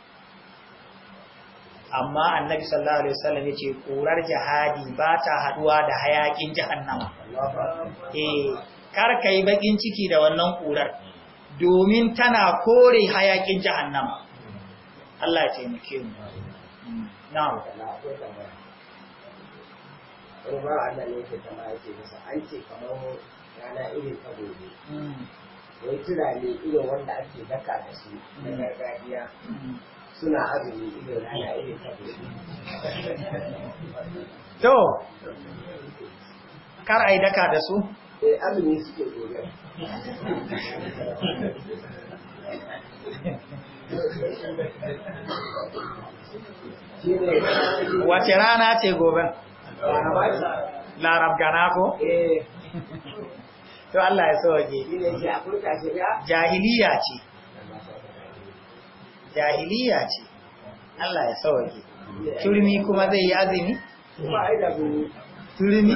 amma annabi sallallahu alaihi wasallam yace ƙurar jihadi ba ta haduwa da hayakin jahannama eh kar ka yi baƙin ciki da wannan ƙurar domin tana kore hayakin jahannama Allah ya taimake mu na'am ruwa Allah ne ke tama yake masa an ce kamar rana irin ta gobe wai tunani irin wanda ake daka da su na gargajiya suna azumi irin rana irin ta gobe to kar ai daka da su azumi suke dogara wace rana ce gobe larab gana ko eh. to Allah ya sauke jahiliya ce jahiliya ce Allah ya sauke turmi kuma zai yi azumi turmi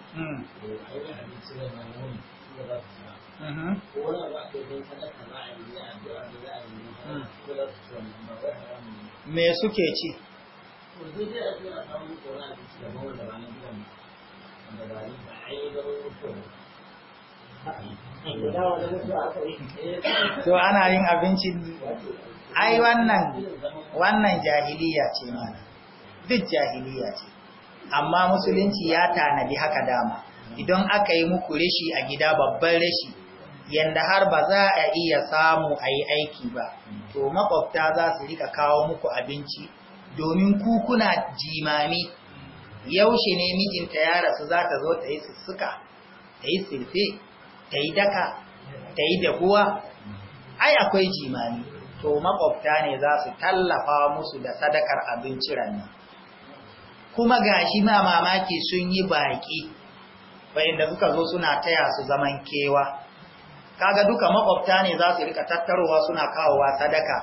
Mm-hmm. me suke ci to ana yin abinci ai wannan wannan jahiliya ce mana duk jahiliya ce amma musulunci ya tanadi haka dama idan aka yi muku rashi a gida babban rashi yanda har ba za a iya samu a yi aiki ba to makwabta za su rika kawo muku abinci domin kukuna jimami yaushe ne mijinta ya rasu za ta zo ta yi sussuka ta yi sirfe ta yi daka ta yi dahuwa ai akwai jimami to makwabta ne za su tallafa musu da sadakar abinci ranar kuma gashi ma mamaki sun yi baki da suka zo suna taya su zaman kewa kaga duka makwabta ne za su rika tattarowa suna kawowa sadaka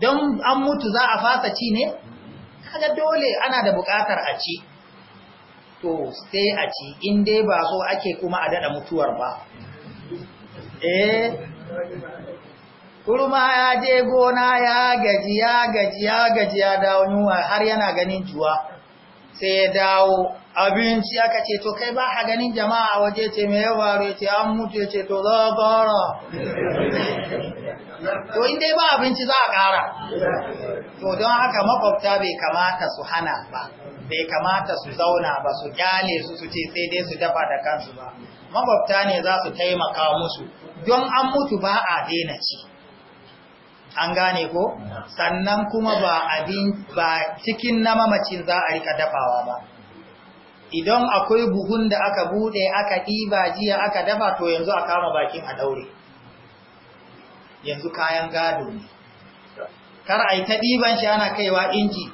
don an mutu za a fasa ci ne kaga dole ana da bukatar a ci to sai a ci in dai ba so ake kuma a dada mutuwar ba eh kurma ya je gona ya gaji ya gaji ya gaji ya dawo yunwa har yana ganin juwa sai ya dawo abinci aka ce to kai ba ha ganin jama'a waje ce mai yawa ya ce an mutu ce to za a ƙara to in dai ba abinci za a ƙara to don haka makwabta bai kamata su hana ba bai kamata su zauna ba su kyale su su ce sai dai su dafa da kansu ba makwabta ne za su taimaka musu don an mutu ba a daina ci an gane ko sannan kuma ba abin ba cikin na mamacin za a rika dafawa ba idan akwai buhun da aka bude aka ɗiba jiya aka dafa to yanzu a kama bakin a daure yanzu kayan gado ne kar a yi ta ɗiban shi ana kaiwa inji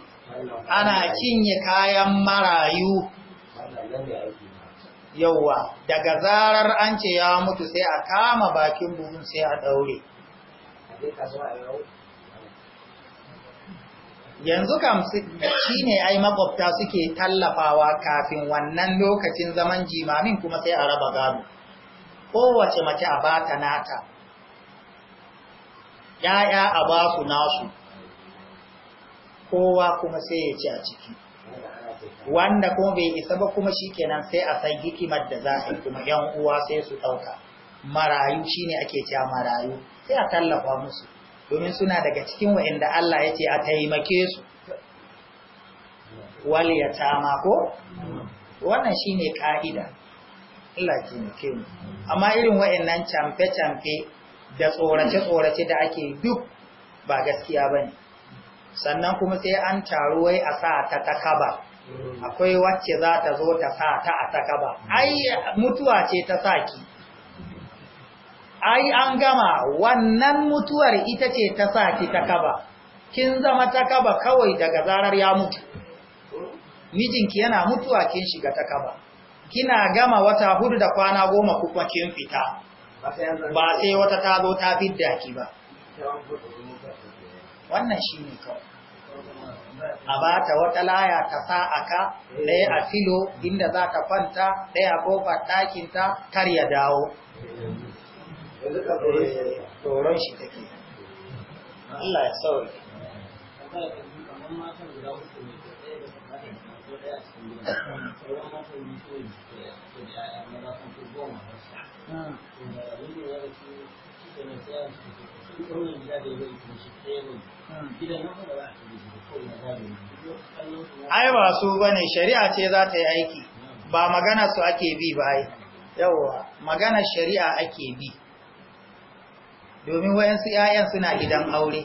ana cinye kayan marayu yauwa daga zarar an ce ya mutu sai a kama bakin buhun sai a daure yanzu kam shi ne ai makwabta suke tallafawa kafin wannan lokacin zaman jimamin kuma sai a raba gado kowace mace a bata nata ‘ya'ya a ba su nasu kowa kuma sai ya ci a ciki wanda kuma bai isa ba kuma shi kenan sai a san hikimar da za a yi kuma ‘yan uwa sai su ɗauka marayu shi ne ake cewa marayu sai a tallafa musu domin suna daga cikin wa'inda Allah ya ce a taimake su waliya tama ko wannan shine ka'ida Allah ya taimake mu amma irin wa'innan camfe-camfe da tsorace-tsorace da ake duk ba gaskiya ba ne, sannan kuma sai an taru wai a sa ta takaba akwai wacce za ta zo ta sa ta a takaba ai mutuwa ce ta saki ai an gama wannan mutuwar ita ce ta sa ki ta kaba kin zama ta kaba kawai daga zarar ya mutu mijinki yana mutuwa kin shiga ta kaba kina gama wata hudu da kwana goma kuma kin fita ba sai wata ta zo ta fidda ki ba wannan shi ne a ba ta wata laya ta sa aka eh. ɗaya a filo inda za ta kwanta ɗaya ko ɗakinta kar ya dawo tsoron shi take Allah ya sauri ai ba su bane shari'a ce za ta yi aiki ba magana su ake bi ba ai yawwa magana shari'a ake bi domin wayansu ‘ya'yan suna gidan aure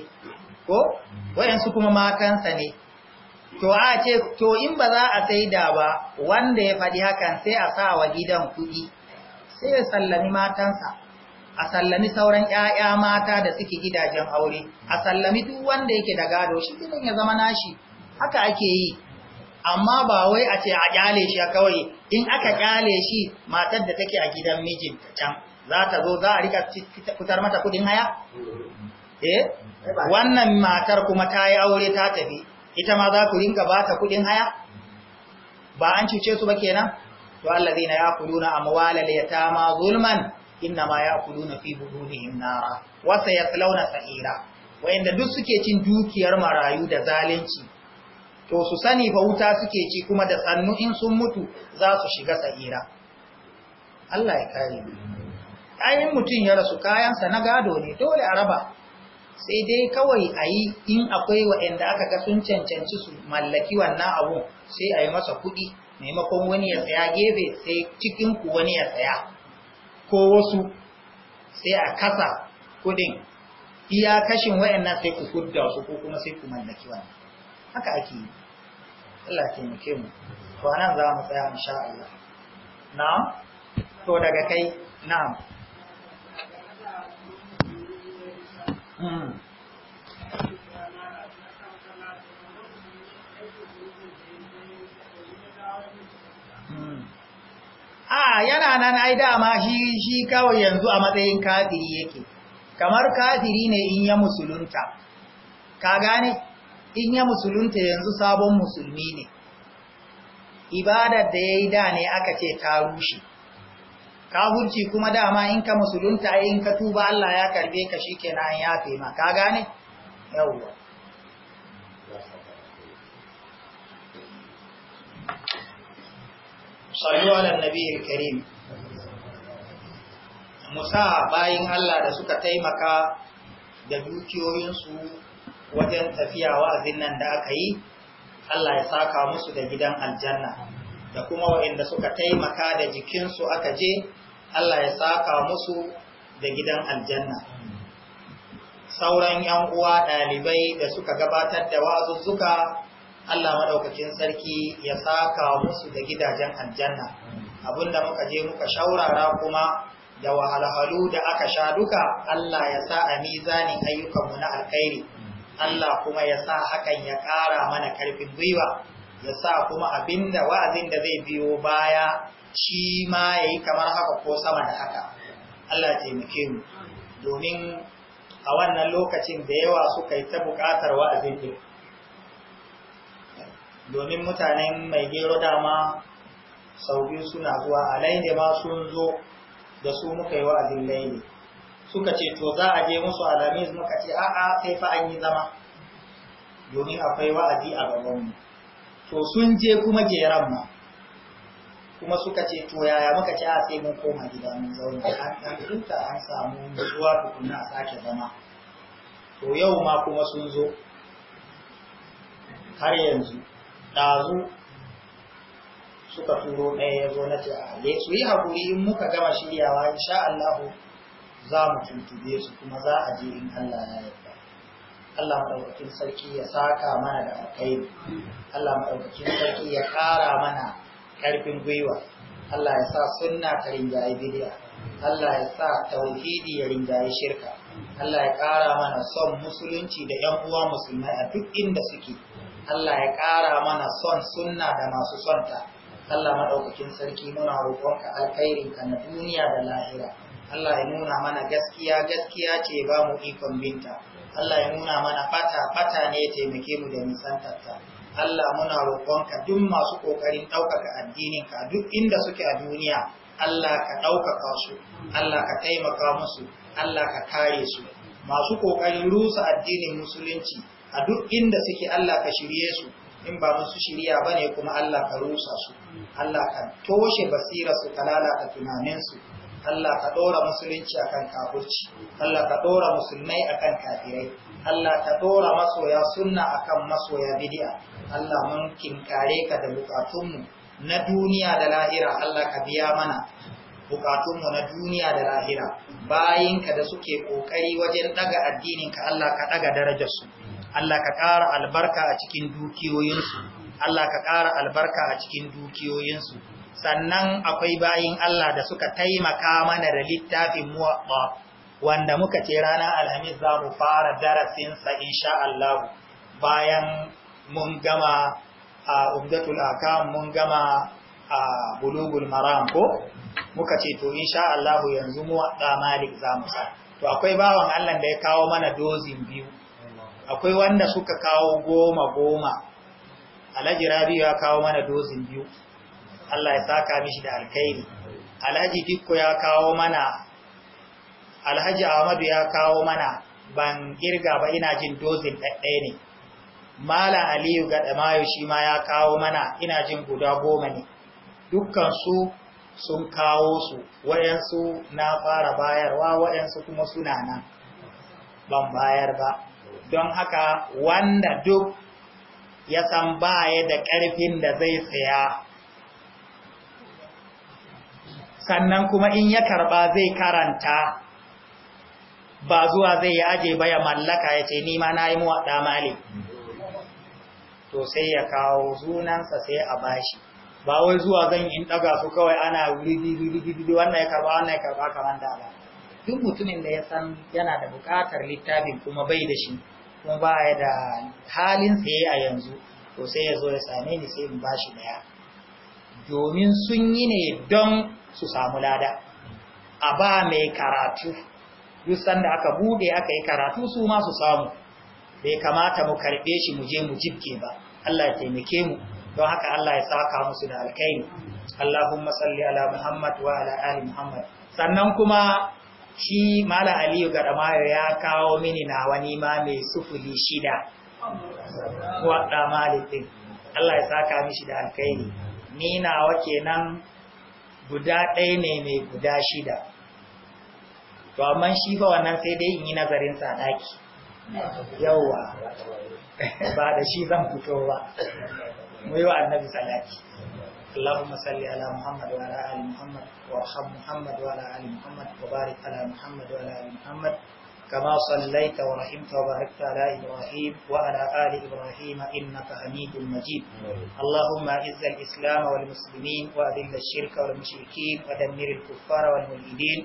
ko wayansu kuma matansa ne to a ce to in ba za a saida ba wanda ya faɗi hakan sai a sa wa gidan kuɗi sai ya sallami matansa a sallami sauran ‘ya'ya mata da suke gidajen aure a sallami duk wanda yake da gado shi gidan ya zama nashi haka ake yi amma ba wai a ce a ƙyale shi kawai in aka ƙyale shi matar da take a gidan mijinta can za ta zo za a rika kutar mata kudin haya? Eh, wannan matar kuma ta yi aure ta tafi, ita ma za ku rinka ba ta kudin haya? Ba an cuce su ba kenan? To Allah zai na ya kudu na amwalar ya ta ma zulman, inna ma ya kudu na fi buɗu nara, wasa ya tsalauna sa'ira, wa'inda duk suke cin dukiyar marayu da zalunci, to su sani fa wuta suke ci kuma da sannu in sun mutu za su shiga sa'ira. Allah ya kare. ayin mutum ya rasu kayansa na gado ne dole a raba sai dai kawai a yi in akwai waɗanda aka ga sun cancanci su mallaki wannan abun sai a yi masa kuɗi maimakon wani ya tsaya gefe sai cikinku wani ya tsaya ko wasu sai a kasa kuɗin iya kashin waɗannan sai ku hudda su ko kuma sai ku mallaki wannan haka ake yi Allah taimake mu to anan za mu tsaya insha Allah na'am to daga kai na'am Mm. Ah, yana nan ai dama shi shi kawai yanzu a matsayin kafiri yake kamar kafiri ne in ya musulunta ka gane in ya musulunta yanzu sabon musulmi ne ibadar da yayi da ne aka ce ta rushe kafurci kuma dama in ka musulunta in ka tuba Allah ya karbe ka shi ke nan yafe ma ka gane yawwa sallu ala karim musa bayan Allah da suka taimaka da dukiyoyinsu wajen tafiya wa'azin nan da aka yi Allah ya saka musu da gidan aljanna da kuma waɗanda suka taimaka da jikinsu aka je Allah ya saka musu da gidan aljanna sauran yan uwa ɗalibai da suka gabatar da wazuzzuka Allah maɗaukakin sarki ya saka musu da gidajen aljanna abinda muka je muka shaurara kuma da wahalhalu da aka sha duka Allah ya sa a mizanin ayyukanmu na alkhairi Allah kuma ya sa hakan ya ƙara mana ƙarfin gwiwa ya sa kuma abinda wa'azin da zai biyo baya shi ma ya yi kamar haka ko sama da haka Allah taimake mu domin a wannan lokacin da yawa suka yi ta bukatar wa'azin ɗin domin mutanen mai gero dama sau biyu suna zuwa a laini ma sun zo da su muka yi wa'azin laini suka ce to za a je musu alamis muka ce a'a sai fa an yi zama domin akwai wa'azi a gabanmu to sun je kuma geran ma kuma suka ce to yaya muka ci a sai mun koma gida mun zauna an huta an samu zuwa tukuna a sake zama to yau ma kuma sun zo har yanzu ɗazu suka turo ɗaya ya zo na ce a le su yi haƙuri in muka gama shiryawa insha Allah za mu tuntube su kuma za a je in Allah ya yarda Allah maɗaukakin sarki ya saka mana da makai, Allah maɗaukakin sarki ya ƙara mana ƙarfin gwiwa Allah ya sa sunna ta rinjaye bidiya Allah ya sa tauhidi ya rinjaye shirka Allah ya ƙara mana son musulunci da ‘yan uwa musulmai a duk inda suke Allah ya ƙara mana son sunna da masu sonta Allah maɗaukakin sarki muna roƙonka alkhairinka na duniya da lahira Allah ya nuna mana gaskiya gaskiya ce ba mu ikon binta Allah ya nuna mana fata fata ne ya taimake mu da nisantarta Allah muna roƙonka duk masu ƙoƙarin ɗaukaka addininka duk inda suke a duniya Allah ka ɗaukaka su Allah ka taimaka musu Allah ka kare su masu ƙoƙarin rusa addinin musulunci a duk inda suke Allah ka shirye su in ba musu shirya ba ne kuma Allah ka rusa su Allah ka toshe basirarsu ka lalata tunaninsu Allah ka ɗora musulunci akan kafirci Allah ka ɗora musulmai akan kafirai Allah ka ɗora masoya sunna akan masoya bid'a Allah mun kinkare ka da bukatunmu na duniya da lahira Allah ka biya mana bukatunmu na duniya da lahira bayinka da suke kokari wajen daga addininka Allah ka daga darajarsu Allah ka ƙara albarka a cikin dukiyoyinsu Allah ka ƙara albarka a cikin dukiyoyinsu sannan akwai bayin Allah da suka taimaka mana da littafin muwaɓa wanda muka ce ranar alhamis za mu fara darasinsa insha Allah bayan mun gama a umdatul akam mun gama a bulugul maram ko muka ce to insha Allah yanzu muwaɗa malik za mu sa to akwai bawan Allah da ya kawo mana dozin biyu akwai wanda suka kawo goma goma alhaji rabi'u ya kawo mana dozin biyu Allah ya saka mishi da alkhairi Alhaji Dikko ya kawo mana Alhaji Ahmadu ya kawo mana ban girga ba ina jin dozin ɗaya ne Malam Aliyu ga Gadamayo shi ma ya kawo mana ina jin guda goma ne dukkan su sun kawo su wayansu na fara bayarwa wayansu kuma suna nan ban bayar ba don haka wanda duk ya san baya da ƙarfin da zai saya sannan kuma in ya karba zai karanta ba zuwa zai ya aje ba ya mallaka ya ce nima na yi muwa ɗamali to sai ya kawo sunansa sai a bashi ba wai zuwa zan in ɗaga su kawai ana wuri wannan ya karba wannan ya karba kamar da ba duk mutumin da ya san yana da bukatar littafin kuma bai da shi kuma ba ya da halin tsaye a yanzu to sai ya zo ya same ni sai in bashi daya. domin sun yi ne don su samu lada a ba mai karatu duk sanda aka bude aka yi karatu su ma su samu bai kamata mu karbe shi mu je mu jibke ba Allah ya taimake mu don haka Allah ya saka musu da alkhairi Allahumma salli ala Muhammad wa ala ali Muhammad sannan kuma shi mala aliyu mayo ya kawo mini na wani ma mai sufuli shida da malikin Allah ya saka mishi da alkhairi ni nawa kenan guda ɗaya ne mai guda shida to amma shi fa wannan sai dai in yi nazarin sa Yauwa ba da shi zan fito ba mu yi wa annabi salati اللهم صل على محمد وعلى ال محمد وارحم محمد وعلى ال محمد وبارك على محمد وعلى ال محمد كما صليت ورحمت وباركت على إبراهيم وعلى آل إبراهيم إنك حميد مجيد اللهم أعز الإسلام والمسلمين وأذل الشرك والمشركين ودمر الكفار والملحدين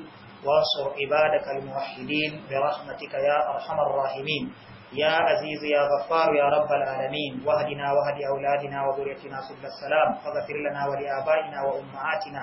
وانصر عبادك الموحدين برحمتك يا أرحم الراحمين يا عزيز يا غفار يا رب العالمين واهدنا واهد أولادنا وذريتنا سبل السلام فاغفر لنا ولآبائنا وأمهاتنا